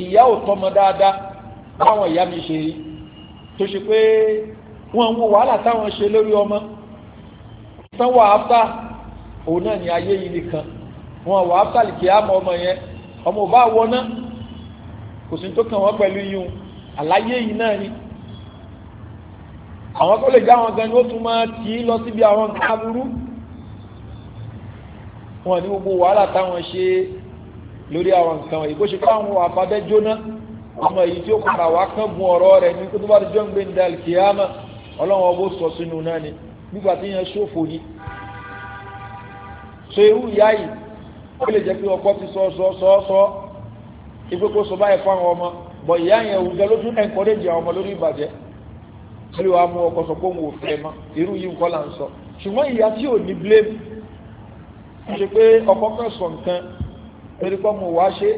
Speaker 1: ìyá ò tọ́mọ dáadáa báwọn ìyá mi ṣe tó ṣe pé wọn wo wàhálà táwọn ṣe lórí ọmọ sanwó àbá òun náà ni ayé yìí nìkan wọn wà áfà lìkì ọmọ yẹn ọmọ ò bá wọná kò sí tó kàn wọn pẹ̀lú yìí àlàyé yìí náà ni àwọn kọlẹ̀jì àwọn gan ni ó tún máa tì í lọ síbi àwọn nǹkan aburú wọn ní gbogbo wàhálà táwọn ṣe lórí àwọn nǹkan wọ̀nyí bó ṣe káwọn àfàbẹ́ jóná ọmọ èyí tí ó padà wá kán gun ọ̀rọ̀ rẹ̀ ní kó tó bá jọ́ ń gbé ní dalkiyama ọlọ́wọ́n bó sọ sínú náà ni nígbà tí yẹn ṣòfò ni so irú ìyá yìí ó lè jẹ́ pé ọkọ ti sọ sọ sọ sọ ipe kó sọ báyìí fún àwọn ọmọ bọ̀ ìyá yẹn òun gan ló tún ẹ̀ńkọ́rẹ́jì àwọn ọmọ lórí ìbàjẹ́ lórí wàá mú ọkọ sọ pé òun ò fẹ́ mọ́ irú yìí nǹkan là ń sọ ṣùgbọ́n ìyá tí ò ní blame ń ṣe pé ọkọ kan sọ nǹkan torí pé mo wá ṣe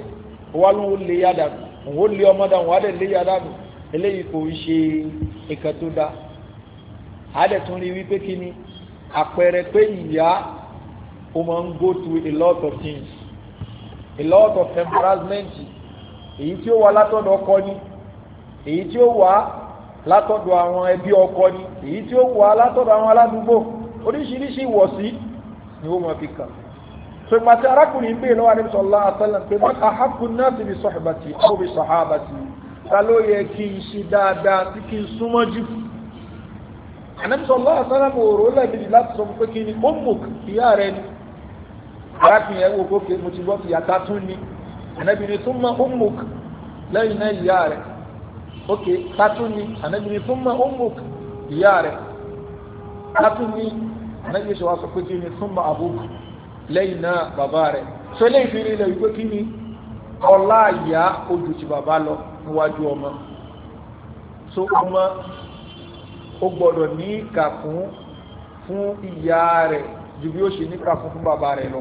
Speaker 1: wá ló ń lé yá dànù òun ó lé ọmọ dànù wá dẹ̀ lé yá dànù eléyìí kò ń ṣe nǹkan tó dáa àádẹ́ tún rí wípé kí ni àpẹẹrẹ pé ìyá ó máa ń go through a lot of things a lot of embarrassment èyí tí ó wá látọ̀dọ̀ ọkọ ni èyí tí ó wá látọ̀dọ̀ àwọn ẹbí ọkọ ni èyí tí ó wá látọ̀dọ̀ àwọn aládùúgbò oríṣiríṣi ìwọ̀sí. Si ni wọ́n máa fi kà sọgbà tí arákùnrin bèè lọ́wọ́ àdébí sọ̀lá àtàlà pé wọ́n kà hákùn náà ti fi sọ̀hìbàtì ó fi sọ̀hábàtì ta ló yẹ kí n ṣe dáadáa tí kí n súnmọ́ jù àdébí sọ̀lá àtàlà mo rò láti sọ pé kí ni ó mú ìyá rẹ ni arákùnrin yẹn wò gòkè mo ti gbọ́ fi yàtá tún ni àdébí ni tún mọ́ ó mú lẹ́yìn náà ìyá rẹ ok tátún ni àdébí ni tún mọ́ ó mú ìyá rẹ tátún ni ànábì ṣe wá sọ pé kí ni súnmọ́ àbúkù lẹ́yìn náà bàbá rẹ̀ so ilé ìfìrí ilẹ̀ wípé kí ni ọlá ìyá ojú bàbá lọ níwájú ọmọ so ọmọ ó gbọ́dọ̀ ní ìkà fún fún ìyá rẹ̀ ju bí ó ṣe níkà fún fún bàbá rẹ̀ lọ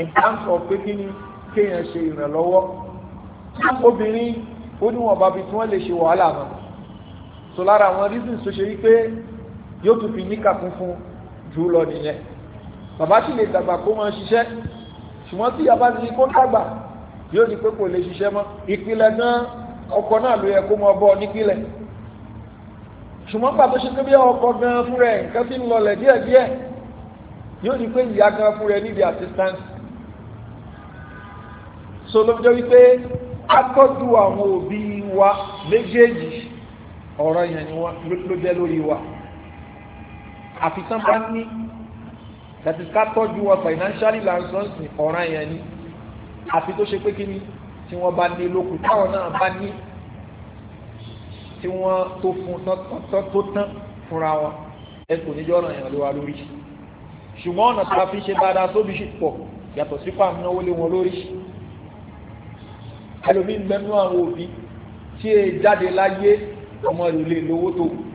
Speaker 1: in terms pé kí ni kéèyàn ṣe ìrànlọ́wọ́ obìnrin ó níwọ̀n bàbí tí wọ́n lè ṣe wàhálà náà so lára àwọn reasons tó ṣe wípé yóò tún fi níkà funfun jù lọ nìyẹn bàbá sì lè dàgbà kó máa ṣiṣẹ́ ṣùgbọ́n tí yàrá ti kó dàgbà yóò di pé kò lè ṣiṣẹ́ mọ́ ìpìlẹ̀ náà ọkọ náà ló yẹ kó mọ bọ́ nípìlẹ̀ ṣùgbọ́n pàtó ṣe pé bí ọkọ gan fún rẹ̀ nǹkan ti ń lọlẹ̀ díẹ̀díẹ̀ yóò di pé ìyá gan fún rẹ̀ níbi assistance so ló jẹ́ wípé akọ́dù àwọn òbí wa méjèèjì ọ̀rọ̀ yẹn ni wọ́n ló jẹ́ lórí wa àfitán bá ní tàbí ká tọ́jú wọn financially lansansi ọ̀ràn yẹn ni àfi tó ṣe pé kí ni tí wọ́n bá ní lókun táwọn náà bá ní tí wọ́n tó fún tó tán fúnra wọn ẹ kò níjọ́ ọ̀ràn yẹn lówà lórí ṣùgbọ́n ọ̀nà tá a fi ṣe dáadáa tóbi ṣe pọ̀ yàtọ̀ sí pàm náwó lé wọn lórí ẹlòmíín gbẹnú àwọn òbí tí èè jáde láyé ọmọ ìlú lè lówó tó kù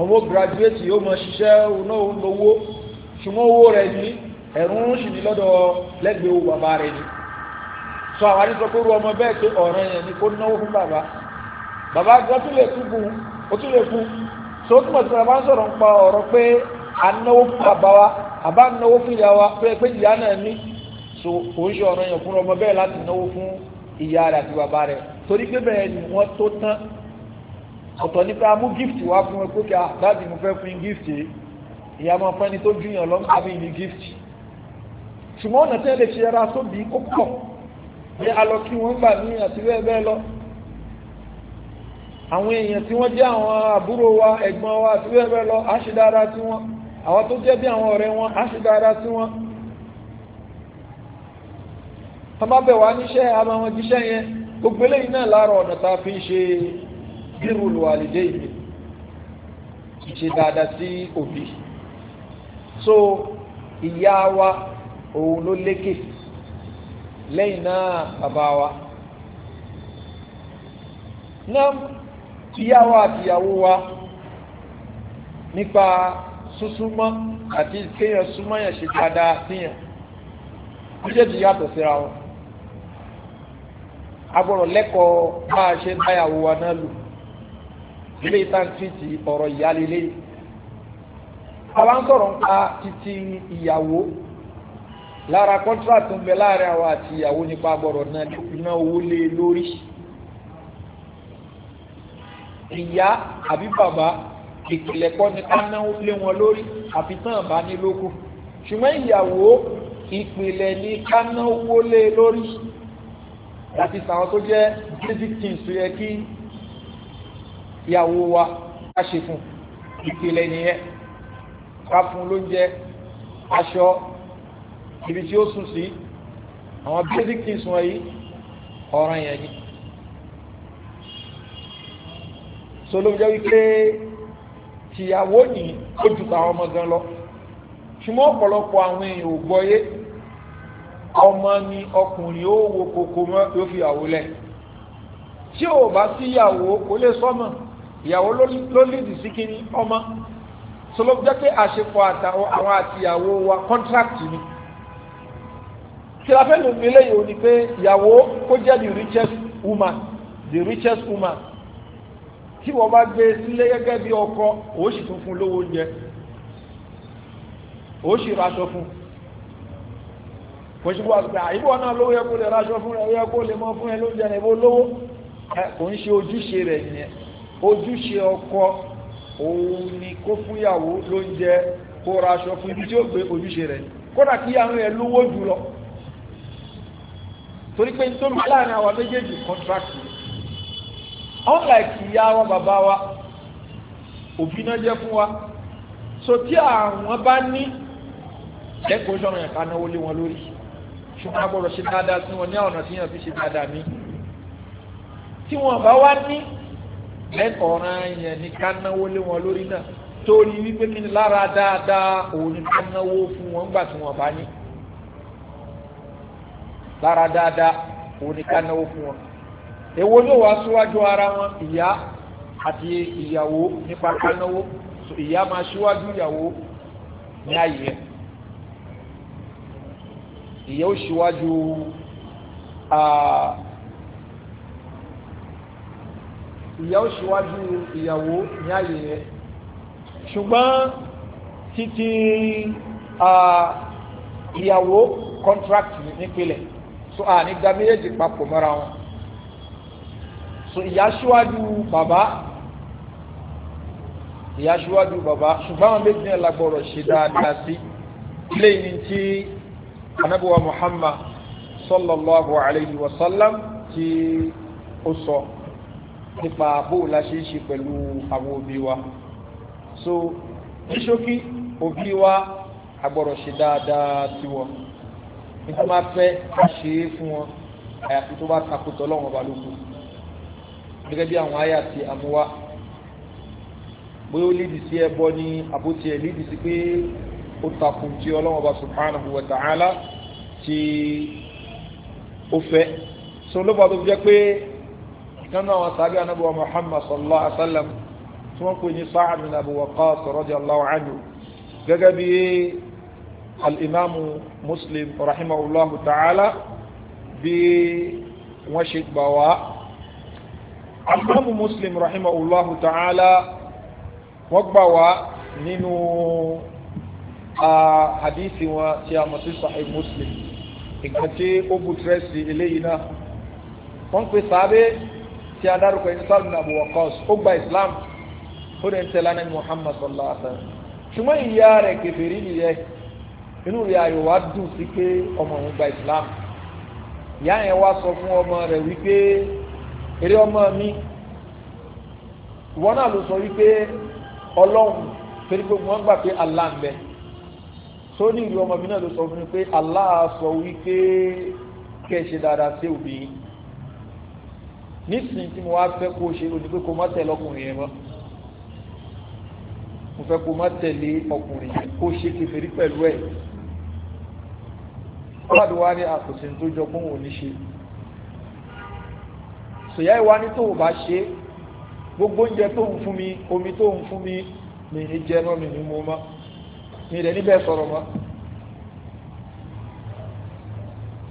Speaker 1: ọmọ graduate yóò mọ ṣiṣẹ́ náà ń lówó ṣùgbọ́n owó rẹ̀ ní ẹ̀rún ń ṣì ní lọ́dọ̀ lẹ́gbẹ̀ẹ́ owó bàbá rẹ̀ ni sọ àwọn àdìsọ pé ọmọ bẹ́ẹ̀ pé ọ̀ràn yẹn ni kó náwó fún bàbá bàbá gan tún lè kún fún ó tún lè kún so túmọ̀ sí bàbá ń sọ̀rọ̀ nípa ọ̀rọ̀ pé à ń náwó fún bàbá wa àbá ń náwó fún ìyá wa pé so kò ń ṣe ọ̀ràn yẹn fún ọmọ bẹ́ẹ̀ láti náwó fún ìyá rẹ̀ àti bàbá rẹ̀ torí pé bẹ́ẹ̀ ni wọ́n ọ̀tọ̀ nípa mú gift wá fún ẹ pókè àbáàdì mo fẹ́ fún yín gift yìí ìyá máa fẹ́ni tó júyàn lọ́nà bí ní gift ṣùgbọ́n ọ̀nà tẹ́lẹ̀ ṣe ara tó bí ó pọ̀ bí a lọ kí wọ́n gbà ní àti bẹ́ẹ̀ bẹ́ẹ̀ lọ àwọn èèyàn tí wọ́n jẹ́ àwọn àbúrò wa ẹ̀gbọ́n wa àti bẹ́ẹ̀ bẹ́ẹ̀ lọ á ṣe dáadáa sí wọn àwọn tó jẹ́ bí àwọn ọ̀rẹ́ wọn á ṣe dáadáa sí wọn tọ́mọ́bẹ̀ wá níṣẹ́ àmọ́ jíṣẹ́ yẹn gbogbo eléyìí náà láàárọ̀ ọ̀nà tá fi ń ṣe birrul walidayni ṣe dáadáa sí òbí so ìyá wa òun ló lékè lẹ́yìn náà bàbá wa náà ìyá wa àtìyàwó wa nípa súnsúnmọ́ àti kéèyàn súnmọ́ yẹn ṣe dáadáa síyàn méjèèjì yàtọ̀ síra wọn a lẹ́kọ̀ọ́ bá a ṣe ń báyàwó wa náà lò ilé ìtàǹtì titi ọ̀rọ̀ ìyálélé àwa ń sọ̀rọ̀ nípa títí ìyàwó lára contract ń bẹ láàrin àwa àti ìyàwó nípa gbọ́dọ̀ ná owó lé e lórí ìyá àbí bàbá ìpìlẹ̀ pọ̀ ní ká náwó lé wọn lórí àfi tán bá ní lóko ṣùgbọ́n ìyàwó ìpìlẹ̀ ní ká náwó lé e lórí láti sàwọn tó jẹ́ basic things tó yẹ kí ìyàwó wa ká ṣe fún ìpìlẹ̀ nìyẹn ká fún lóúnjẹ aṣọ ibi tí ó sùn sí àwọn basic things wọ̀nyí ọ̀ràn yẹn ni. solóńjẹ́ wípé tìyàwó ní ó ju tàwọn ọmọ gan lọ ṣùgbọ́n ọ̀pọ̀lọpọ̀ àwọn èèyàn ò gbọ́yé ọmọ ni ọkùnrin ó wo kòkó mọ́ yóò fi yàwó lẹ̀ tí ò bá síyàwó kò lè sọ́mọ̀. So ìyàwó ló lìdì sí kíní ọmọ sọlọ jẹ́ pé àṣepọ̀ àtàwọn àwọn àtìyàwó wa kọ́ńtrákìtì ni kìláfẹ́ lòmí lẹ́yìn òní pé ìyàwó kó jẹ́ the richest woman the richest woman tí wọ́n bá gbé sílé gẹ́gẹ́ bí ọkọ ó sì tún fún lówó oúnjẹ ó sì raṣọ fún kò sí wọ́n pé náà lówó yẹ kó lè raṣọ fún ẹ yẹ kó lè mọ́ fún ẹ lóúnjẹ rẹ̀ bó lówó kò ń ṣe ojúṣe rẹ̀ yẹn ojúṣe ọkọ òun ni kó fúnyàwó ló ń jẹ kó ra aṣọ fún ibi tí ó gbé ojúṣe rẹ̀ kódà kí àwọn ẹ̀ lówó jùlọ torí pé tó ń láàrin àwọn méjèèjì contract unlike ìyá wa bàbá wa òbí náà jẹ́ fún wa so tí àwọn bá ní ẹ̀kọ́ sọ̀rọ̀ yẹn ká náwó lé wọn lórí ṣùgbọ́n a gbọ́dọ̀ ṣe dáadáa sí wọn ní ọ̀nà tí yẹn fi ṣe dáadáa ní tí wọn bá wá ní then ọ̀ràn yẹn ni ká náwó lé wọn lórí náà torí wípé kí ni lára dáadáa òun ni ká náwó fún wọn gbà tí wọn bá ní lára dáadáa òun ni ká fún wọn èwo ló wàá síwájú ara wọn ìyá àti ìyàwó nípa ká ìyá máa síwájú ìyàwó ní ayé ìyá ó síwájú ah, ìyá ó ṣíwájú ìyàwó ní ààyè yẹn ṣùgbọ́n títí ìyàwó contract nípìnlẹ̀ so a ní gba méjèèjì papọ̀ mọ́ra wọn so ìyá ṣíwájú bàbá ìyá ṣíwájú bàbá ṣùgbọ́n àwọn méjì náà lágbọ́rọ̀ ṣe dáadáa sí ilé tí anábíwá Muhammad sallallahu alayhi wa sallam ti ó sọ. So nípa bóò la ṣe ń ṣe pẹ̀lú àwọn òbí wa so ní ṣókí òbí wa agbọ́dọ̀ ṣe dáadáa sí wọn nígbà máa fẹ́ ṣe é fún wọn àyàfi tó bá takùtọ̀ lọ́wọ́n ọba lóko gẹ́gẹ́ bí àwọn àyà ti àmúwá bóyá ó lídì sí ẹbọ ní àbótí ẹ̀ lídì sí pé ó takùn tí ọlọ́wọ́n ọba subhanahu wa ta'ala tí ó fẹ́ so ló bá tó fi jẹ́ pé nínú àwọn sàbí anábọ̀ muhammad sallallahu alaihi wa sallam tí wọ́n pè ní Sa'ad bin Abi Waqqas radiyallahu anhu gẹ́gẹ́ bí al-imamu muslim rahimahullahu ta'ala bí wọ́n ṣe gbà wá al-imamu muslim rahimahullahu ta'ala wọ́n gbà wá nínú hadithi wọn tí a mọ̀ sí sahih muslim nǹkan tí ó bùtẹ́rẹ́sì eléyìí náà wọ́n pè sábẹ́ tí a dárúkọ ẹni Sa'd ibn Abi Waqqas ó gba islam ó dẹ̀ ń tẹ̀lé anabi muhammad sallallahu alaihi wa sallam ṣùgbọ́n ìyá rẹ̀ kèfèrí nìyẹn inú rẹ̀ ayò wá dùn sí pé ọmọ òun gba islam ìyá yẹn wá sọ fún ọmọ rẹ̀ wípé eré ọmọ mi ìwọ náà ló sọ wípé ọlọ́run torí pé wọ́n gbà pé allah ń bẹ sóní mi náà ló sọ fún mi pé allah sọ wípé kẹ́ ẹ ṣe dáadáa sí nísìnyí tí mo wá fẹ́ kó o ṣe o ní pé kó o má tẹ̀lé ọkùnrin yẹn mọ́ mo fẹ́ kó o má tẹ̀lé ọkùnrin yẹn kó o ṣe kèfèrí pẹ̀lú ẹ̀ ọlọ́dún wa ní àkùsìn tó jọ pé òun ò ní ṣe sòyá ìwà ní tóun bá ṣe gbogbo oúnjẹ tó ń fún mi omi tó ń fún mi mi ní jẹ náà mi ní mo mọ́ mi rẹ̀ níbẹ̀ sọ̀rọ̀ mọ́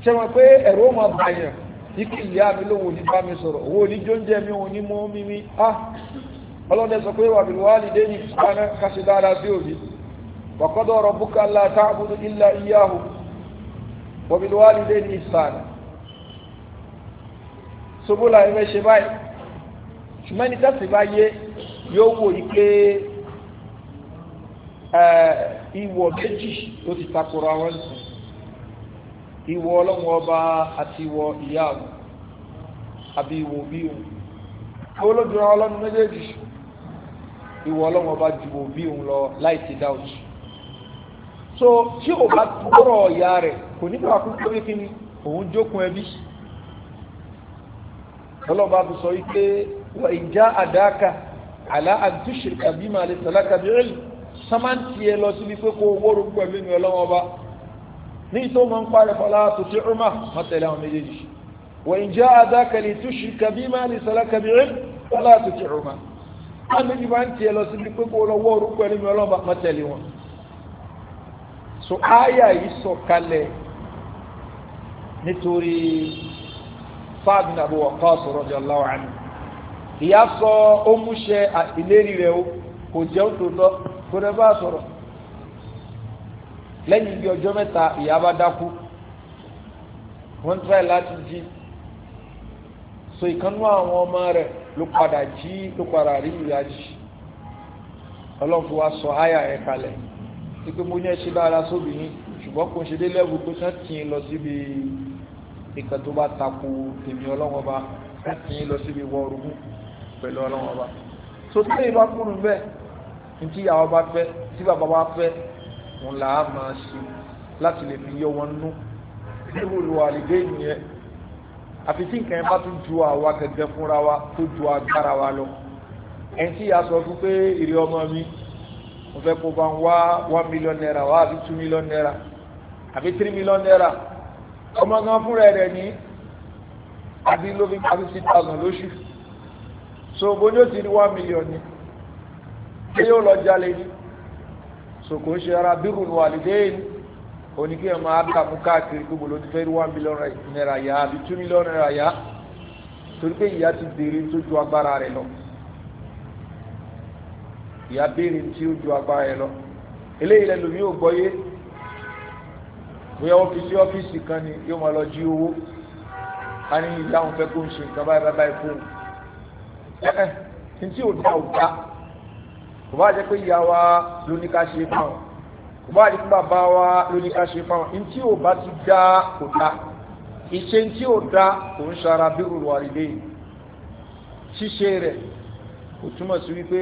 Speaker 1: ṣé wọn pé ẹ̀rọ máa bàyàn ikú ìyá mi lòun ò ní bá mi sọ̀rọ̀ owó oníjóúnjẹ mi òun ní mú mímí ah ọlọ́dẹ sọ pé wàbí wàlì dé ní ìpànà kásì dáadáa sí òbí wàkọ́dọ̀ ọ̀rọ̀ búkà ńlá táàbùdù ilá iyáhù wàbí wàlì dé ní ìsànà sobóla ẹgbẹ́ ṣe báyìí ṣùgbọ́n ní tẹ́sí bá yé yóò wò yí pé ìwọ̀ méjì ló ti takora wọn sùn ìwọ ọlọ́run ọba àti ìwọ ìyá àwọn àbí ìwọ òbí òun àwọn olódùra ọlọ́run méjèèjì ìwọ ọlọ́run ọba ju òbí òun lọ láì ti dá so tí ò bá gbọ́rọ̀ ìyá rẹ̀ kò ní bàbá kúkú pé kí ni òun jókun ẹbí ọlọ́ba fi sọ wípé wà ìjà àdáka àlá àdúṣe kàbí màlẹ̀ sàlákàbí rẹ̀ sọ́mántì ẹ lọ síbi pé kó owó rúgbọ̀ mímu ọlọ́run ọba ní tó mọ́ ń parí fọlá tó ti rúmà mọ́tẹ̀lẹ̀ àwọn méjèèjì wọ́n ń já adákàlì tó ṣì kàbí máa lè sọ́lá kàbí rẹ̀ fọlá tó ti rúmà àwọn méjì bá ń tiẹ̀ lọ síbi pé kó lọ wọ́ọ̀rù pẹ̀lú mi ọlọ́ba mọ́tẹ̀lẹ̀ wọn. so àyà yìí sọ kalẹ̀ nítorí Sa'd bin Abi Waqqas radiyallahu anhu ìyá sọ ó múṣẹ ìlérí rẹ̀ o kò jẹ́ òtòtọ́ kó lẹ́yìn bí ọjọ́ mẹ́ta ìyá bá dákú wọ́n tíráì láti jí so ìkànnú àwọn ọmọ rẹ̀ ló padà jí ló padà rí ìyá jí ọlọ́run fi wá sọ àyà ẹ̀ kalẹ̀ wípé mo ní ẹ ṣe dáadáa sóbìnrin ṣùgbọ́n kò ń ṣe dé lẹ́wù pé sá tì í lọ síbi ìkan tó bá takò tèmi ọlọ́run ọba sá tì í lọ síbi ìwọ pẹ̀lú ọlọ́run ọba so tí èyí bá kúrú bẹ́ẹ̀ ní tí ìyàwó bá fẹ́ tí bàbá bá fẹ́ òun l'a á máa ṣe láti lè fi yọ wọn nú nínú olùwàlídé ìyẹn àfi tí nǹkan yẹn bá tún ju àwa gẹ́gẹ́ fúnra wa tó ju agbára wa lọ ẹni tí a sọ fún pé èrè ọmọ mi mo fẹ́ kó bá ń wá one million naira wá àbí two million naira àbí three million naira ọmọ gan fúnra rẹ̀ ní àbí ló fi àbí six thousand lóṣù so bójú ó ti rí one million ni ṣé yóò lọ jalè ni so kò ṣe ara bíkùn wàlídéyìn oníkí ẹ̀ máa kà fún káàkiri gbogbo ló ti fẹ́ rí one million naira yá àbí two million naira yá torí pé ìyá ti béèrè tó ju agbára rẹ̀ lọ ìyá béèrè tí ó ju agbára rẹ̀ lọ eléyìí lẹ́nu mi ò gbọ́yé bóyá ọ́fíìsì ọ́fíìsì kan ni yóò máa lọ jí owó a ní ìyá òun fẹ́ kó ń ṣe nǹkan báyìí báyìí fóun ẹ̀ ẹ̀ ní tí ò dá ò dá kò bá jẹ́ pé ìyá wa ló ní ká ṣe fáwọn kò bá jẹ́ pé bàbá wa ló ní ká ṣe fáwọn ní tí ò bá ti dá kò dá ìṣe tí ò dá kò ń ṣara bí olùwàrílẹ̀ ṣíṣe rẹ̀ kò túmọ̀ sí wípé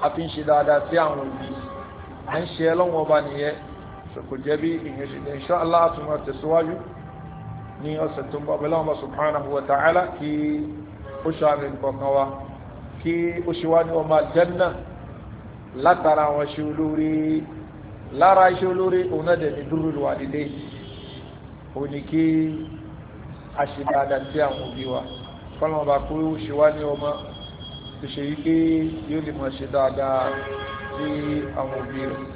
Speaker 1: a fi ń ṣe dáadáa sí àwọn òbí à ń ṣe ẹlọ́wọ́n ọba nìyẹn kò jẹ́ bí ìyẹn ṣe lè ṣá aláàtúmọ̀ tẹ̀síwájú ní ọ̀sẹ̀ tó ń bọ̀ bẹ́lá ọmọ subhanahu wa ta'ala kí ó ṣàrẹ̀ nǹkan kan wa kí látara àwọn ṣe olóore lára ṣe olóore òun náà dẹ̀mí dúró lu àdìdé òun ni kí a ṣe dáadáa sí àwọn òbí wa fọlọ́n bá kó ṣe wá ní ọmọ tó ṣe yí pé yóò lè mọ̀ ṣe dáadáa sí àwọn òbí rẹ̀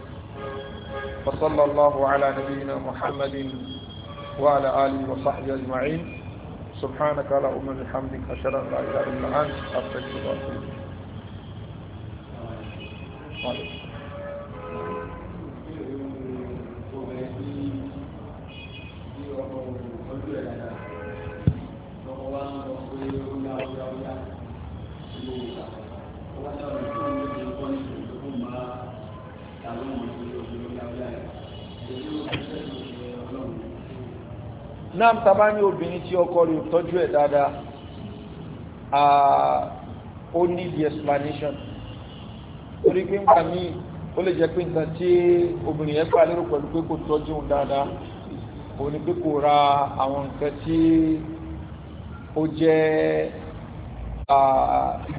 Speaker 1: وصلى الله على نبينا محمد وعلى آله وصحبه أجمعين سبحانك اللهم وبحمدك أشهد أن لا إله إلا أنت أستغفرك وأتوب إليك náà tàbá ní obìnrin tí ọkọ rẹ̀ tọ́jú ẹ̀ dáadáa ah, ó need the explanation torí pé nígbà míì ó lè jẹ́ pé nǹkan tí obìnrin yẹn gbà lérò pẹ̀lú pé kò tọ́jú òun dáadáa òun ni pé kò ra àwọn nǹkan tí ó jẹ́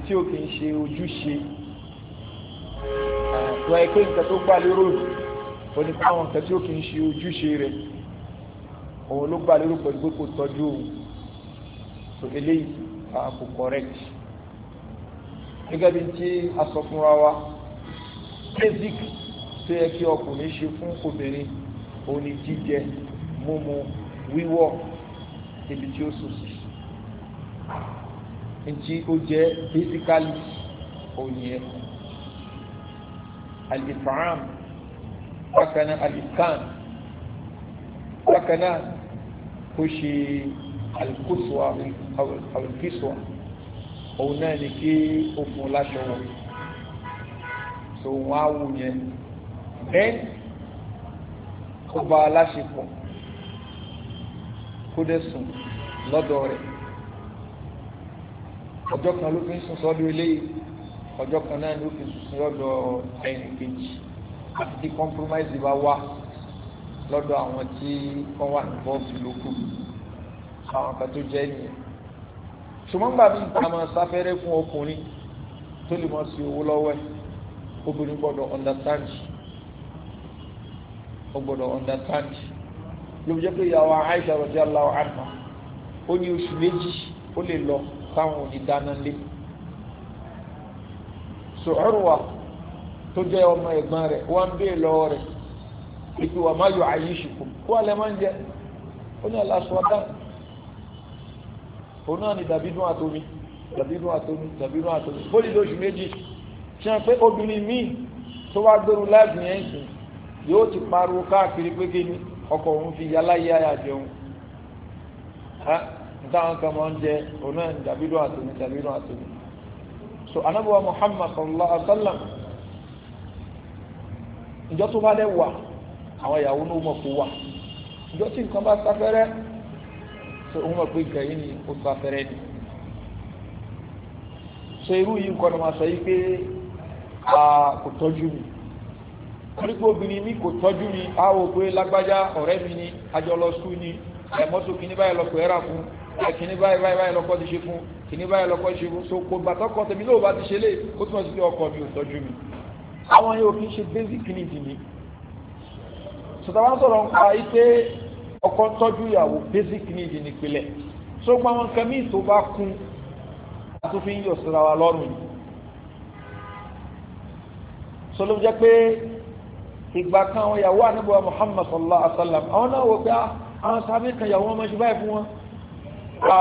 Speaker 1: tí ó kì í ṣe ojúṣe tó ẹ nǹkan tó gbà lérò òun ni pé àwọn nǹkan tí ó kì í ṣe ojúṣe rẹ̀ òun ló gbà lérò pẹ̀lú pé kò tọ́jú òun so eléyìí kò correct gẹ́gẹ́ bí tí a sọ fúnra wa basic tó yẹ kí ọkùnrin ṣe fún obìnrin òun ni jíjẹ mímu wíwọ̀ ibi tí ó sùn sí ntí ó jẹ basically òun yẹn alifram bákan alikan bákan náà ṣe alikóso àwọn òun náà ni kí ó fún láṣọ wọn so wọ́n á wù yẹn then kó bá aláṣepọ̀ kó dẹ̀ sùn lọ́dọ̀ rẹ̀ ọjọ́ kan ló fi ń sùn sọ́dọ̀ eléyìí ọjọ́ kan náà ló fi ń sùn sí lọ́dọ̀ ẹnì kejì àti tí compromise bá wà lọ́dọ̀ àwọn tí wọ́n wà ní bọ́ọ̀sì lókù àwọn kan tó jẹ́ nìyẹn ṣùgbọ́n gbàgbé ìgbà sáfẹ́rẹ́ fún ọkùnrin tó lè mọ̀ sí owó lọ́wọ́ ẹ̀ obìnrin gbọ́dọ̀ understand ó gbọ́dọ̀ understand ló fi jẹ́ pé ìyàwó Aisha radiyallahu anha ó ní oṣù méjì ó lè lọ táwọn òní dáná lé so Urwa tó jẹ́ ọmọ ẹ̀gbọ́n rẹ̀ wọ́n ń bèè lọ́wọ́ rẹ̀ ìpè wà má yọ àyè ṣùkú kó alẹ́ máa ń jẹ ó ní aláṣọdá òun náà ni dàbí dùn àtomi dàbí dùn àtomi dàbí dùn àtomi bó ní lóṣù méjì. ṣe pé obìnrin míì tó wá gbèrú láìpẹ́ yẹn sùn yóò ti pariwo káàkiri pé kí ni ọkọ òun fi yálà yá àjẹun táwọn kan máa ń jẹ òun náà àtòmí dàbídùn àtòmí so anábọ̀wá Muhammad sallallahu alaihi wa sallam ìjọ tó bá wà àwọn ìyàwó ní ọmọ kò wà ìjọ tí nǹkan so pé so irú yìí nǹkan kò tọ́jú mi onígbò obìnrin mi kò tọ́jú mi a ò gbé lágbájá ọ̀rẹ́ mi ni àjọ lọ sùn ni ẹ̀mọ́tò kìíní báyìí lọ́kọ̀ ẹ̀rà fún kìíní báyìí báyìí lọ́kọ̀ ti ṣe fún kìíní báyìí lọ́kọ̀ ti ṣe fún so kò gbàtọ́kọ̀ tèmi lóò bá ti ṣe lé ó túnmọ̀ sí pé mi ò tọ́jú mi àwọn yóò kí ṣe basic need mi sọ̀tàwọn sọ̀rọ̀ nípa ipé ọkọ tọ́jú ìyàwó basic need nípìnlẹ̀ so gbọ́n wọn kẹ́mí tó bá kún àtúfin yọ̀ sọ̀rọ̀ wa lọ́rùn yìí sọlọ jẹ́ pé ìgbà kan àwọn ìyàwó àníbọ̀ Muhammad sallallahu alaihi wa sallam àwọn náà wò pé ah, àwọn sábẹ́ kan ìyàwó ọmọ ṣe báyìí fún wọn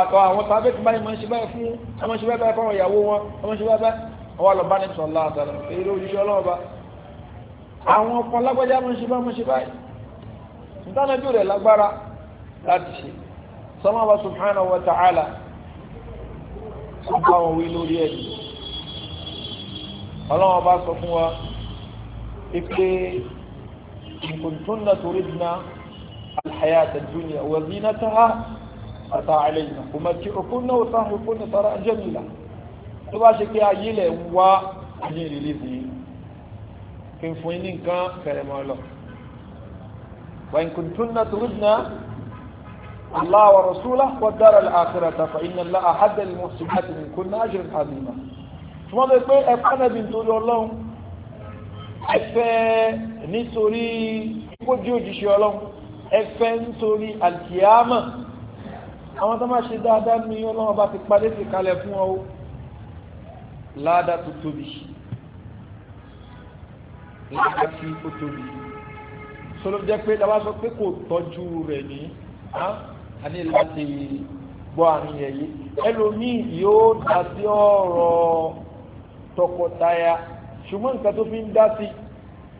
Speaker 1: àtọ̀ àwọn sábẹ́ kan báyìí máa ṣe báyìí fún ọmọ ṣe báyìí fún àwọn ìyàwó wọn ọmọ ṣe báyìí àwọn àlọ́bá ní sallallahu alaihi wa sallam èyí ló ṣiṣẹ́ ọlọ́ọ̀bá àwọn ọkọ̀ lágbájá máa ṣe báyìí máa ṣe rẹ̀ lágbára láti ṣe sọmọba subhanahu wa ta'ala ọba òwe lórí ẹ̀dùn ọlọ́wọ́ bá sọ fún wa ipe ìkùntúnnà turidna alhayata dunya wa zinataha ata alayna kuma ti okunna wa sahikunna sara jamila tó bá ṣe pé ayé lẹ̀ ń wá ayé ìrìlẹ̀ sí kí n fún yín ní nǹkan kẹrẹmọ́ lọ wa ìkùntúnnà turidna الله ورسوله والدار الآخرة فإن الله أحد المحسنات منكن أجرا عظيما ثم ذكر أبانا بنت الله ẹfẹ́ nítorí kójú òjíṣẹ́ ọlọ́run ẹfẹ́ nítorí àlìkìyàmọ̀ àwọn tó máa ṣe dáadáa ní ọlọ́run bá ti padé sí kalẹ̀ fún ọ láàdá tó tóbi láàdá tí ó tóbi sọlọ́ jẹ́ pé dábàá sọ pé kò tọ́jú rẹ̀ ní a ní láti gbọ́ àárín ẹ̀yẹ ẹlòmíì yóò dá sí ọ̀rọ̀ tọkọtaya ṣùgbọ́n nǹkan tó fi ń dá sí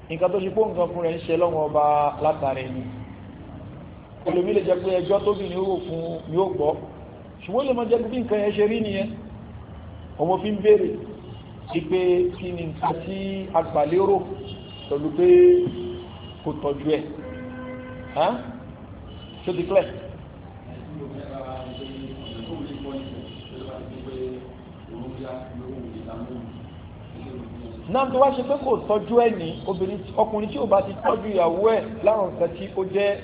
Speaker 1: nǹkan tó ṣe pé nǹkan fún rẹ̀ ń ṣe lọ́wọ́ ọba látara ẹni olómi lè jẹ́ pé ẹjọ́ tóbi ni ó fún ni ó gbọ́ ṣùgbọ́n lè máa jẹ́ bí nǹkan yẹn ṣe rí nìyẹn ọmọ fi ń béèrè sí pé kí ni nǹkan tí agbàlérò pẹ̀lú pé kò tọ́jú ẹ̀ ṣó ti clear.
Speaker 2: Thank
Speaker 1: náà tó wá ṣe pé kò tọ́jú ẹni obìnrin ọkùnrin tí ò bá ti tọ́jú ìyàwó ẹ̀ láwọn nǹkan tí ó jẹ́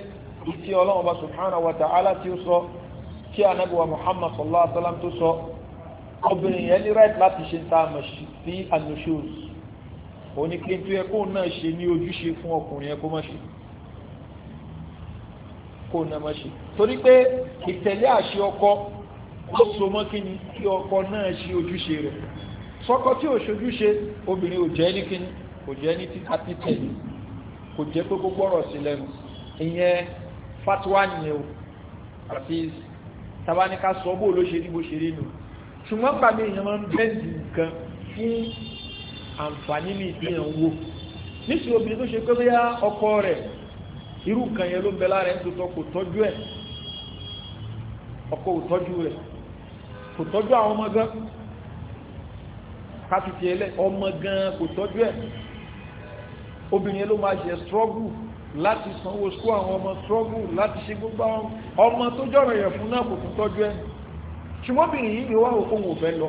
Speaker 1: ìtì ọlọ́run bá subhanahu wa ta'ala tí ó sọ tí ànábì muhammad sallallahu alaihi wa sallam tó sọ obìnrin yẹn ní right láti ṣe ta àmọ̀ sí anoshos òun ni pé tó yẹ kóun náà ṣe ní ojúṣe fún ọkùnrin yẹn kó má ṣe kó na ma ṣe torí pé ìtẹ̀lé àṣẹ ọkọ ó so mọ́ kí ni kí ọkọ náà ṣe ojúṣe rẹ̀ sọ́kọ tí ò ṣe obìnrin ò jẹ́ ní kíni kò jẹ́ ní kò jẹ́ pé gbogbo ọ̀rọ̀ sí ìyẹn fatuwa nìyẹn o àti tabaníka sọ bó ló ṣe rí bó ṣe rí nù ṣùgbọ́n èèyàn máa ń fún àǹfààní ní ìpínlẹ̀ wo obìnrin tó ṣe pé ọkọ rẹ̀ irú yẹn ló ń bẹ lára kò tọ́jú ẹ̀ ọkọ ò tọ́jú rẹ̀ kò tọ́jú àwọn ọmọ gan káfífi ẹlẹ ọmọ gan kò tọ́jú ẹ̀ obìnrin ló máa ṣe struggle láti sanwó sukú àwọn ọmọ struggle láti ṣe gbogbo àwọn ọmọ tó jọ̀rọ̀ yẹn fún náà kò tún tọ́jú ẹ̀ ṣùgbọ́n obìnrin yìí ni wá òun ò fẹ́ lọ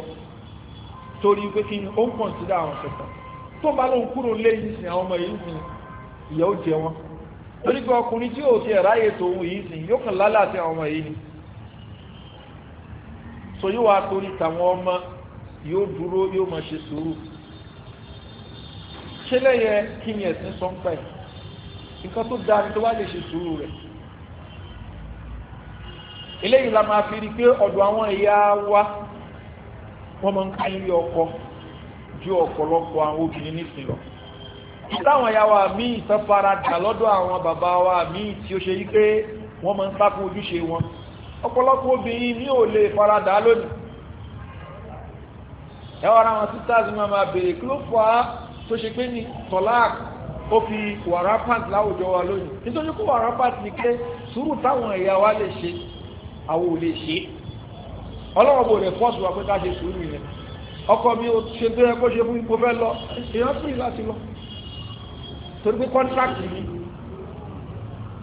Speaker 1: torí pé kí ni ó ń consider àwọn kẹta tó bá lóun kúrò lẹ́yìn sin àwọn ọmọ yìí sin ìyà ó jẹ wọn torí pé ọkùnrin tí ò ti ẹ̀ ráyè tòun yìí sin yóò kàn lálẹ́ àti àwọn ọmọ yìí ni so yóò wá torí tàwọn ọmọ yóò dúró yóò máa ṣe sùúrù ṣé lẹ́yẹ kí ni ẹ̀sìn sọ ń pẹ̀ nǹkan tó dáa ni tó wá lè ṣe sùúrù rẹ̀ eléyìí la máa fi rí pé ọ̀dọ̀ àwọn ìyá wa wọ́n máa ń ká ilé ọkọ ju ọ̀pọ̀lọpọ̀ àwọn obìnrin nísìnyí lọ láwọn ìyá wa míì tó fara dà lọ́dọ̀ àwọn bàbá wa míì tí ó ṣe yí pé wọ́n máa ń sáfún ojúṣe wọn ọ̀pọ̀lọpọ̀ obìnrin ní ò lè fara dà lónìí ẹ wọ́n ra wọn sisters máa máa béèrè kí ló fà á tó ṣe pé ní tọ́lák ó fi wàrà pant láwùjọ wa lónìí nítorí kó wàrà pant ní pé sùúrù táwọn ẹ̀yà wa lè ṣe àwọn ò lè ṣe ọlọ́wọ́ bò lè fọ́ọ̀sì wa pé ká ṣe sùúrù yẹn ọkọ mi ò ṣe tó yẹ kó ṣe fún ipò fẹ́ lọ èèyàn fún ìlà lọ torí pé kọ́ńtrákì mi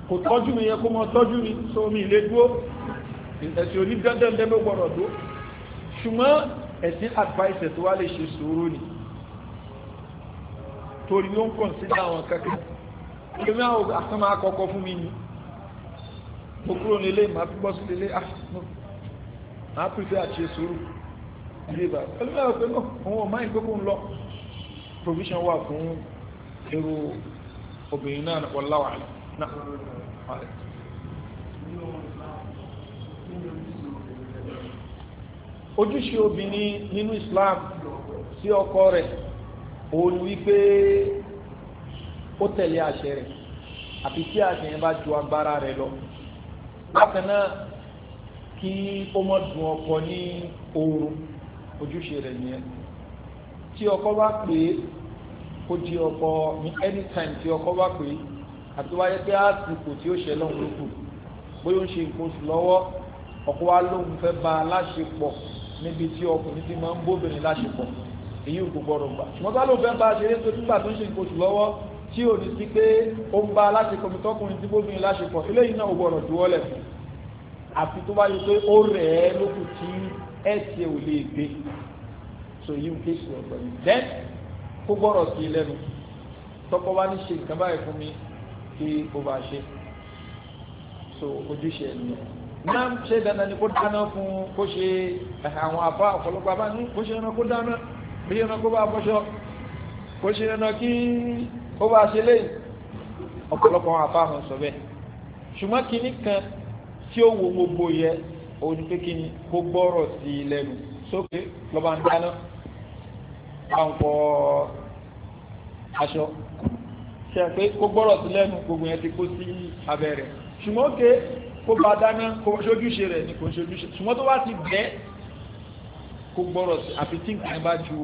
Speaker 1: kò tọ́jú mi yẹ kó mọ tọ́jú mi so mi lè ẹ̀sìn onídẹ́ndẹ́ndẹ́ ló gbọ́dọ̀ dúró ṣùgbọ́n ẹ̀sìn advice tó wá lè ṣe sùúrù ni torí ó ń consider àwọn kankan èmi àwọn ah, àtàmà àkọ́kọ́ fún mi ni mo kúrò nílé màá fi bọ́ sí nílé ah, màá prefer àti ṣe sùúrù ilé ìbá pẹ̀lú àwọn pé náà òun ò máa ń gbókùn lọ provision wà fún irú obìnrin náà wallahu náà. ojúṣe obìnrin nínú Islam sí ọkọ rẹ̀ òun wípé ó tẹ̀lé àṣẹ rẹ̀ àfi tí àṣẹ yẹn bá ju agbára rẹ̀ lọ bákan náà kí ó mọ̀ dùn ọkọ ní oorun ojúṣe rẹ̀ nìyẹn tí ọkọ bá pè é kó di ọkọ ní anytime tí ọkọ bá pè é àti wáyé pé àsìkò tí ó ṣe lọ́hùn ló bóyá ó ń ṣe nǹkan oṣù lọ́wọ́ ọkọ wa lóhun fẹ́ bá a láṣepọ̀ níbi tí ọkùnrin ti máa ń bóbìnrin láṣepọ̀ èyí ò gbọ́dọ̀ gbà ṣùgbọ́n bá ló fẹ́ bá ṣeré tó nígbà tó ń ṣe nǹkan oṣù lọ́wọ́ tí ò ní sí pé ó ń bá aláṣepọ̀ mi tọkùnrin tí bóbìnrin láṣepọ̀ eléyìí náà ò gbọ́dọ̀ juwọ́lẹ̀ fún àfi tó bá yẹ pé ó rẹ̀ ẹ́ lókù tí ẹ̀sẹ̀ ò lè gbé so yìí ń ké sí ọ̀gbọ̀n yìí then kó gbọ́dọ̀ sí lẹ́nu tọkọ bá ní ṣe nǹkan báyìí fún mi kí ó bá ṣe so ojúṣe ẹ̀ nìyẹn náà ṣe dandan ni kó dáná fún kó ṣe eh, àwọn àbá ọ̀pọ̀lọpọ̀ àbá ní kó ṣe ẹran kó dáná kó ṣe ẹran kó bá bọ́ṣọ kó ṣe ẹran kí ó bá ṣe léyìn ọ̀pọ̀lọpọ̀ àwọn àbá àwọn sọ bẹ́ẹ̀ ṣùgbọ́n kínní kan tí ó wo gbogbo yẹ òun ni pé kínní kó gbọ́rọ̀ sí i lẹ́nu sókè lọ́ba ń dáná bá ń kọ́ aṣọ ṣe pé kó gbọ́rọ̀ sí lẹ́nu gbogbo yẹn ti kó sí abẹ́rẹ́ ṣùgbọ́n ké kó bá dáná kó ṣojúṣe rẹ̀ ni kò ń ṣojúṣe ṣùgbọ́n tó bá ti bẹ́ kó gbọ́rọ̀ sí àfi tí nǹkan bá ju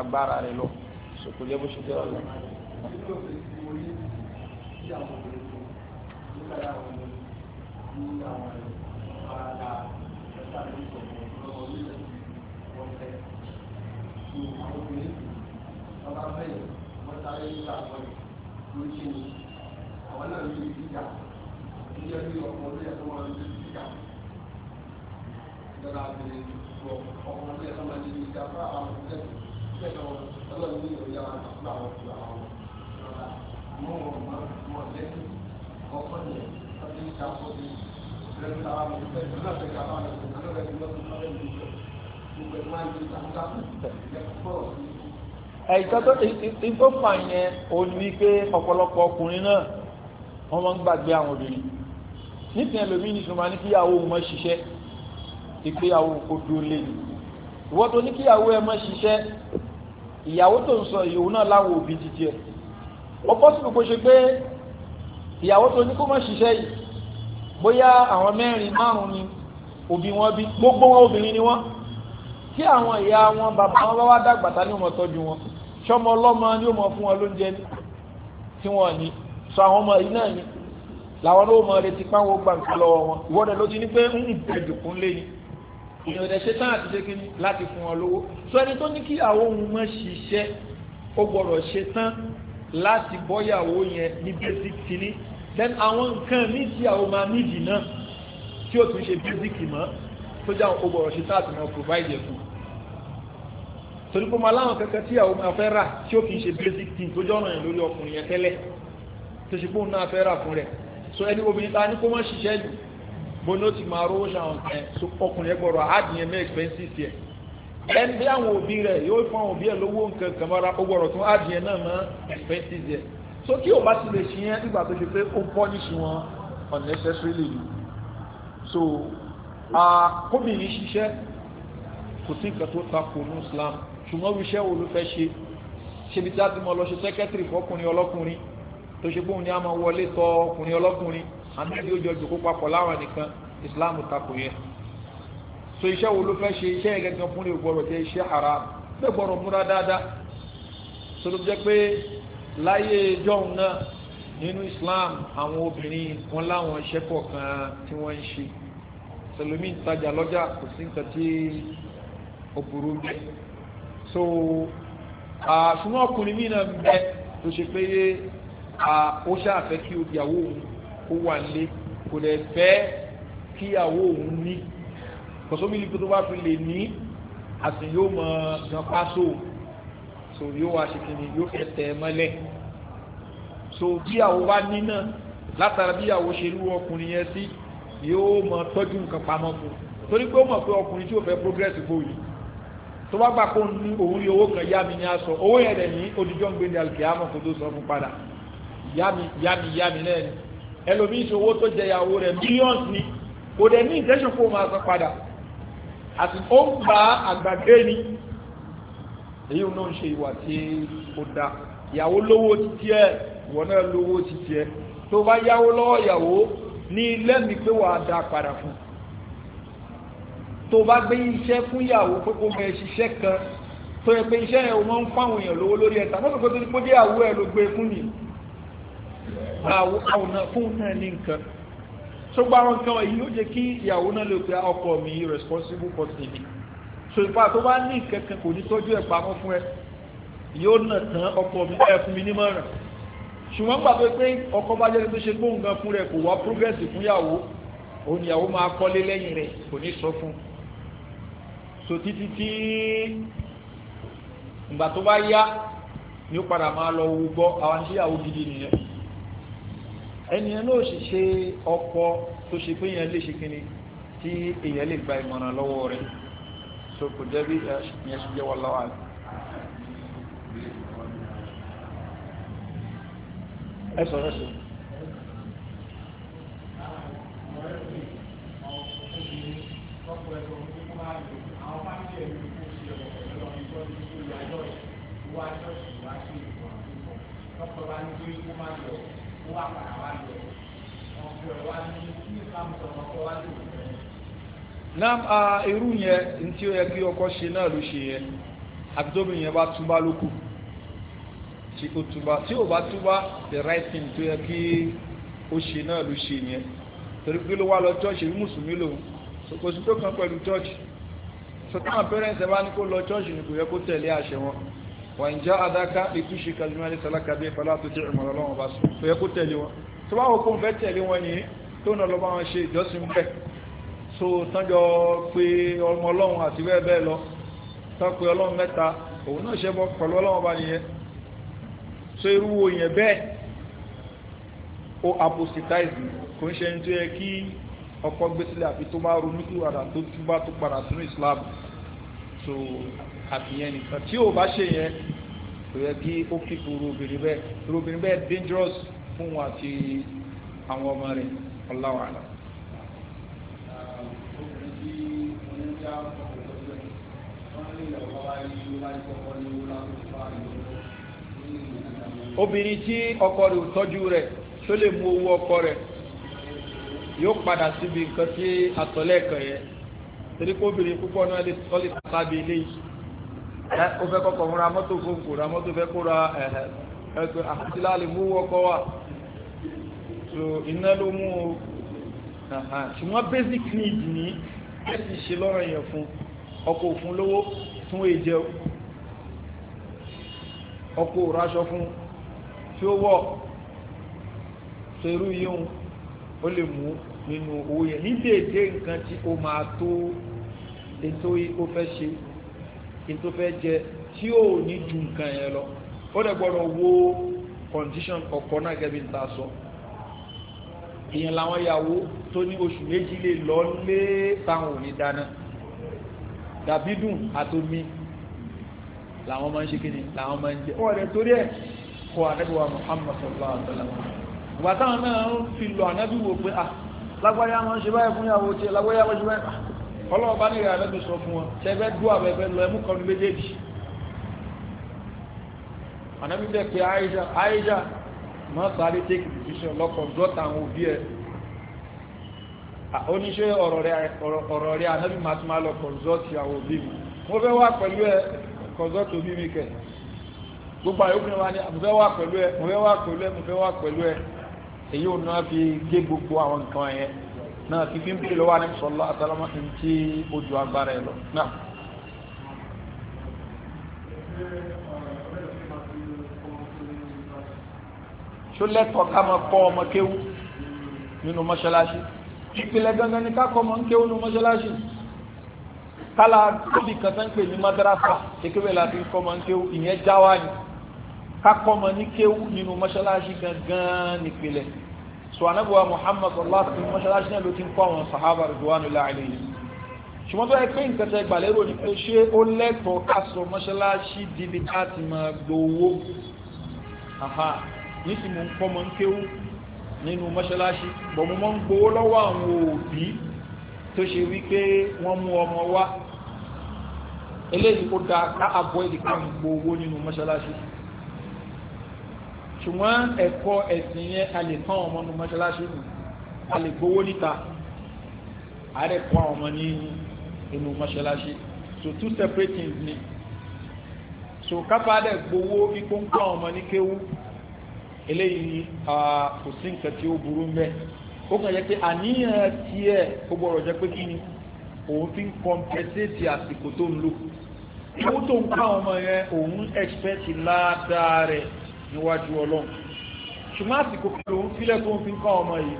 Speaker 1: agbára rẹ̀ lọ so jẹ́ bó ṣe jẹ́ ọ̀la.
Speaker 2: Thank yẹ kí ọkọ ní ẹ̀kọ́ máa ní ìjà ìjọba àgbèrè wọ ọkọ ní ẹ̀kọ́ máa ní ìjà fún àwọn ọmọdé ṣe lọ ní ìròyìn àwọn àtàkùn àwọn ọ̀gbìn àwọn ọ̀gbìn mọ ọmọ mọ lẹ́nu ọkọ ní ọdún ìjà fún mi lẹ́nu àwọn ọmọdé ṣe lọ sí àwọn ọmọdé ṣe lọ sí àwọn ọmọdé
Speaker 1: ẹ̀yìká tó ìtò fà yẹn òní wípé ọ̀pọ̀lọpọ̀ ọkùnrin náà wọ́n máa ń gbàgbé àwọn obìnrin nísìnyẹn lómi ní sùnmọ́ ní kíyàwó mọ́ ṣiṣẹ́ ìgbéyàwó odò lé ní ìwọ́n tó ní kíyàwó ẹ mọ́ ṣiṣẹ́ ìyàwó tó ń sọ ìyòwò náà láwọn òbí jíjẹ ó pọ́sibú kó ṣe pé ìyàwó tó ní kó mọ́ ṣiṣẹ́ yìí bóyá àwọn mẹ́rin márùn ni òbí wọn bí gbogbo wọn obìnrin ni wọn kí àwọn ìyá wọn bàbá wọn bá wá dàgbà ta ni wọn ṣọmọ ọlọ́mọ ni ó máa fún wọn lóúnjẹ tí wọn ní sọ àwọn ọmọ yìí náà ni làwọn ló mọ retí páwọn gbà nǹkan lọ́wọ́ wọn ìwọ́dẹ ló ti ní pé ń ẹ̀dùnkún lé ni èèyàn rẹ̀ ṣe tán àti ṣe kí ni láti fún wọn lówó sọ ẹni tó ní kí àwọn ohun mọ́ ṣiṣẹ́ ó gbọ́dọ̀ ṣe tán láti bọ́yàwó yẹn ní basic kìíní then àwọn nǹkan míì tí àwọn máa nídìí náà tí ó tún ṣe basic mọ́ tó jáwọn ó gbọ́dọ̀ ṣe tán àti máa provide ẹ̀kú torí pé máa láwọn kankan tí àwọn máa fẹ́ rà tí ó kì í ṣe basic thing tó jọ́ràn yẹn lórí ọkùnrin yẹn tẹ́lẹ̀ tó ṣe pé òun náà fẹ́ rà fún rẹ̀ so ẹni obìnrin ta ní kó mọ́ ṣiṣẹ́ yìí bó ní ó ti máa rówó ṣàwọn ẹ̀ so ọkùnrin ẹgbọ̀rọ̀ àádìyẹn mẹ́ expenses yẹ ẹni bí àwọn òbí rẹ̀ yóò fún àwọn òbí ẹ̀ lówó nǹkan kan mọ́ra ó gbọ́dọ̀ tún àádìyẹn náà mọ́ expenses yẹ so kí o bá ti lè ṣiyẹn nígbà tó ṣe pé ó punish wọn unnecessarily so kóbìnrin ṣiṣẹ́ kò sí nǹkan tó takò ní Islam ṣùgbọ́n wíṣẹ́ wo ló fẹ́ ṣe ṣe bí tí a ti mọ̀ lọ ṣe sẹ́kẹ́tìrì fọkùnrin ọlọ́kùnrin tó ṣe bóun ni a máa wọlé tọ ọkùnrin ọlọ́kùnrin àmì yóò jọ jòkó papọ̀ láwọn nìkan islam takò yẹn so iṣẹ́ wo ló fẹ́ ṣe iṣẹ́ yẹn gẹ́gẹ́ fún ní gbọ́dọ̀ jẹ́ iṣẹ́ haram bẹ́ẹ̀ gbọ́dọ̀ múra dáadáa so ló jẹ́ pé láyé jọ́hún náà nínú islam àwọn obìnrin wọn láwọn iṣẹ́ kọ̀ọ̀kan tí wọ́n ń ṣe sẹlẹ̀mí ń tajà kò sí nǹkan tí ó burú jẹ́ so àṣùwọ̀n ọkùnrin mí náà ń bẹ tó ṣe pé ó ṣàfẹ́ kí obìyàwó òun kó wà nílé kò dẹ̀ fẹ́ kíyàwó òun ní kọ̀sómìlì tó bá fi lè ní àti yóò mọ gan pásò so yóò wá ṣèkìní yóò fẹ́ tẹ̀ ẹ́ so bíyàwó bá ní náà látara bíyàwó ṣe rú ọkùnrin yẹn sí yóò mọ tọ́jú nǹkan pamọ́ fún torí pé ó mọ̀ pé ọkùnrin tí ó fẹ́ progress gbòòyì tó bá gbà kó ní òun rí owó kan yá mi ní aṣọ owó yẹn dẹ̀ odijọ́ ń gbé ní alùpùpù àmọ́ kó tó sọ fún padà yami yami yami náà ni ẹlòmíín ṣe owó tó jẹ ìyàwó rẹ̀ millions ni kò dẹ̀ ní intention kó máa san padà àti ó ń gba àgbàgbé ni èyí náà ń ṣe ìwà tí ó da ìyàwó lówó títí ẹ ìwọ náà lówó títí ẹ tó bá yáwó lọ́wọ́ ìyàwó ní lẹ́mìí pé wàá dá padà fún tó bá gbé iṣẹ́ fún ìyàwó pé kó mọ ṣiṣẹ́ kan tó yẹ pé iṣẹ́ yẹn o máa ń fáwọn èèyàn lówó lórí ẹ̀ta mọ́tò pé tó ti pé dé àwọ̀ ẹ̀ ló gbé e fún nìyí àwọn àwọn fún náà ní nǹkan tó gba àwọn nǹkan wọ̀nyí ó jẹ́ kí ìyàwó náà lè pe ọkọ mi responsible for tèmi so ìfà tó bá ní nǹkan kan kò ní tọ́jú ẹ̀ pamọ́ fún ẹ yóò nà tán ọkọ mi ẹ fún mi nímọ̀ràn ṣùgbọ́n gbà pé pé ọkọ bá jẹ́ pé ṣe gbóhùn gan fún rẹ kò wá progress fún ìyàwó òun ìyàwó máa kọ́lé lẹ́yìn rẹ̀ kò ní sọ fún so títí tí ìgbà tó bá yá ni ó padà máa lọ wo gbọ́ àwọn iṣẹ́ ìyàwó gidi nìyẹn ẹnìyàn náà sì ṣe ọkọ tó ṣe pé yẹn lè ṣe kíni tí èèyàn lè gba ìmọ̀ràn lọ́wọ́ rẹ̀ so kò jẹ́ bí ìyẹn ṣe jẹ́ wà láwà rẹ̀. ẹ sọ̀rọ̀ sí.
Speaker 2: Thank you ó wà padà wá lọ ọkọ ẹ̀ wá ní kí ìfàmù sọ̀rọ̀ ọkọ wá lè
Speaker 1: nam a irú yẹn ntí ó yẹ kí ọkọ ṣe náà ló ṣe yẹ àbítóbi yẹn bá túbá ló kù tí ó túbá tí ó bá túbá the right thing tó yẹ kí ó ṣe náà ló ṣe yẹn torí pé ló wá lọ chọ́ọ̀ṣì ní mùsùlùmí lòun kò sí tó kàn pẹ̀lú chọ́ọ̀ṣì sọ táwọn parents bá ní kó lọ chọ́ọ̀ṣì ni kò yẹ kó tẹ̀lé àṣẹ wọn wọ́n jẹ́ adáka ikú ṣe kalimali salaka bí fala tó jẹ́ ìmọ̀lá lọ́wọ́ bá sọ tó yẹ kó tẹ̀lé wọn tó bá òkú fẹ́ tẹ̀lé wọn ni tó nà lọ́wọ́ wọn ṣe ìjọsìn bẹ́ẹ̀ so tánjọ pé ọmọ ọlọ́run àti bẹ́ẹ̀ bẹ́ẹ̀ lọ tán pé ọlọ́run mẹ́ta òun náà ṣe bọ́ pẹ̀lú ọlọ́run bá nìyẹn so irú wo yẹn bẹ́ẹ̀ ó apostatize kò ń ṣe ní tó yẹ kí ọkọ̀ gbé sílẹ̀ àfi tó bá ronú kí wàdà tó túbá tó padà sínú Islam so àfihàn nìkan tí ò bá ṣe yẹn kò yẹ kí ó kíkú obìnrin bẹ́ẹ̀ obìnrin bẹ́ẹ̀ dangerous fún wọn àti àwọn ọmọ rẹ̀ ọláwàlá.
Speaker 2: obìnrin tí mo ń já ọkọ̀ lọ́jọ́ yìí wọ́n lè lọ́wọ́ wáyé wáyé kọ́kọ́ ní wọ́n láti fà á lọ́wọ́
Speaker 1: obìnrin tí ọkọ rẹ̀ ò tọ́jú rẹ̀ tó lè mú owó ọkọ rẹ̀ yóò padà síbi nǹkan tí àtọ̀lẹ́ẹ̀kan yẹ torí pé obìnrin púpọ̀ náà lè tọ́lé sábẹ́ ilé yìí ẹ ó fẹ́ kọ́kọ́ fúnra mọ́tò fún kò ra mọ́tò fẹ́ kó ra ẹ̀hẹ̀ ẹgbẹ́ àti láàlè mú ọkọ̀ wa so iná ló mú o ṣùgbọ́n basic need ní ẹ ti ṣe lọ́rọ̀ yẹn fún ọkọ̀ òfun lówó tún èjẹ ọkọ̀ òraṣọ fún tí ó wọ̀ ṣerú yíhun ó lè mú nínú owó yẹn níbi èdè nǹkan tí ó máa tó ètò ó fẹ́ ṣe in tó fẹ́ jẹ tí ó ní ju nǹkan yẹn lọ ó dẹ̀ gbọ́dọ̀ wo condition ọkọ náà gẹ́gẹ́ bí n ta sọ ìyẹn làwọn ìyàwó tó ní oṣù méjì lè lọ lé táwọn ò ní dáná dàbí dùn àtomi làwọn máa ń ṣe kíni làwọn máa ń jẹ ọ̀rẹ́ torí ẹ̀ kọ àdẹ́gbẹ̀wà Muhammad sallallahu alaihi wa sallam ìgbà táwọn náà ń fi lọ ànábì wò pé ah lágbáyà máa ń ṣe báyìí fún ìyàwó tiẹ̀ lágbáyà máa ń ṣe báyìí ah, ọlọ́wọ́ bá nílẹ̀ àrẹ́bí sọ fún wọn tẹ́gbẹ́ dú àbẹ̀bẹ̀ lọ ẹmú kan méjèèjì ànábí bẹ́ẹ̀ pé Aisha Aisha máa sáré take decision lọ́kọ̀ dọ́ta àwọn òbí ẹ̀ oníṣẹ́ ọ̀rọ̀ rẹ̀ ànábí máa tún máa lọ consult àwọn òbí mi mo fẹ́ wá pẹ̀lú ẹ consult òbí mi kẹ̀ gbogbo àyè obìnrin wa ni mo fẹ́ wá pẹ̀lú ẹ mo fẹ́ wá pẹ̀lú ẹ mo fẹ́ wá pẹ̀lú ẹ èyí ò náà fi gé gbogbo àwọn nǹkan yẹn náà fífi ń pè lọ́wọ́ àníbi sọ́lọ́ àtàlámà ń tí ojú agbára ẹ̀ lọ náà.
Speaker 2: ṣó lẹ́tọ̀ọ́ ká máa kọ́ ọmọ kéwú
Speaker 1: nínú mọ́ṣáláṣí ìpìlẹ̀ gangan ni ká kọ́ ọmọ kéwú nínú mọ́ṣáláṣí kálá tóbi kan tán pè ní madrasa kékeré láti kọ́ ọmọ kéwú ìyẹn jáwá ni ká kọ́ ọmọ ní kéwú nínú mọ́ṣáláṣí gangan nípìlẹ̀ so anabuwa muhammad sallallahu alaihi wasallam mọ́ṣáláṣí náà ló ti ń kọ́ àwọn sahaba ridwanullahi alayhim ṣùgbọ́n tó yẹ pé nǹkan tẹ gbàlérò ni pé ṣé ó lẹ́tọ̀ọ́ ká sọ mọ́ṣáláṣí dibi láti máa gbowó ní sì mò ń kọ́ mọ́ ń kéwú nínú mọ́ṣáláṣí bọ̀ mo mọ́ ń gbowó lọ́wọ́ àwọn òbí tó ṣe wípé wọ́n mú ọmọ wá eléyìí kó dáa ká àbọ̀ ìdíkà ń gbowó nínú mọ́ṣáláṣí ṣùgbọ́n ẹ̀kọ́ ẹ̀sìn yẹn a lè kọ́ ọmọ nu mọ́ṣáláṣí nù a lè gbowó níta a lè kọ́ ọmọ ní inú mọ́ṣáláṣí so two separate things ni so kápá dẹ̀ gbowó kíkó ń kọ́ ọmọ ní kéwú eléyìí kò sí nǹkan tí ó burú mbẹ́ ó kàn jẹ́ pé àníyàn tiẹ̀ ó gbọ́dọ̀ jẹ́ pé kí ni òun fi ń compensate àsìkò tó ń lò owó tó ń kọ́ ọmọ yẹn òun expect ládàá rẹ̀ níwájú ọlọ́run ṣùgbọ́n àsìkò pẹ̀lú òun sílẹ̀ tó ń fi kọ́ ọmọ yìí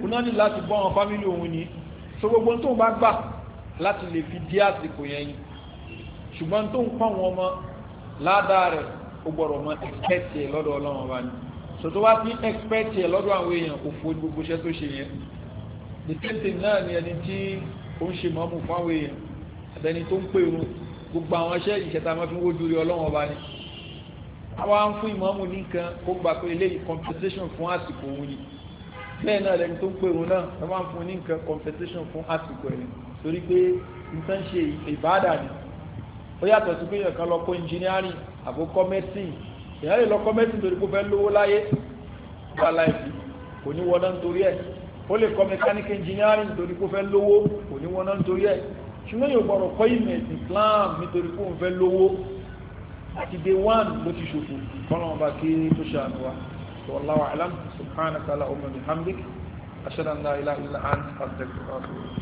Speaker 1: òun náà ní láti bọ́ àwọn fámílì òun ni so gbogbo tó ń bá gbà láti lè fi dí àsìkò yẹn yìí ṣùgbọ́n tó ń kọ́ àwọn ọmọ ládàá rẹ̀ ó gbọ́dọ̀ mọ ẹ̀kẹ́tì ẹ̀ lọ́dọ̀ ọlọ́run ọba ni so tó bá fi ẹ̀kẹ́tì ẹ̀ lọ́dọ̀ àwọn èèyàn kò fo gbogbo iṣẹ́ tó ṣe yẹn the same náà ni ẹni tí ó ń ṣe mọ́mù fáwọn èèyàn àtẹni tó ń pè àwa ń fún ìmọ̀ọ́mù ní nǹkan kó gbà pé eléyìí compensation fún àsìkò òun yìí bẹ́ẹ̀ náà lẹ́yìn tó ń pè òun náà ẹ máa ń fún ní compensation fún àsìkò ẹ̀ torí pé nǹkan ṣe ìbáàdà ni ó yàtọ̀ sí pé èèyàn kan lọ kó engineering àbó kọ́ medicine èèyàn lè lọ kọ́ medicine torí kó fẹ́ lówó láyé nípa láìpẹ́ kò ní wọná nítorí ẹ̀ ó lè kọ́ mechanic engineering torí kó fẹ́ lówó kò ní wọná nítorí ẹ̀ ṣùgbọ́n yóò gbọ́dọ̀ kọ́ ìmọ̀ ẹ̀sìn Islam nítorí kó ń fẹ́ lówó àti day one ló ti ṣòfò kọ́nà ọba kí tó ṣàánú wa wallahu a'lam subhanaka allahumma bihamdik ashhadu an la ilaha illa anta astaghfiruka wa atubu ilayk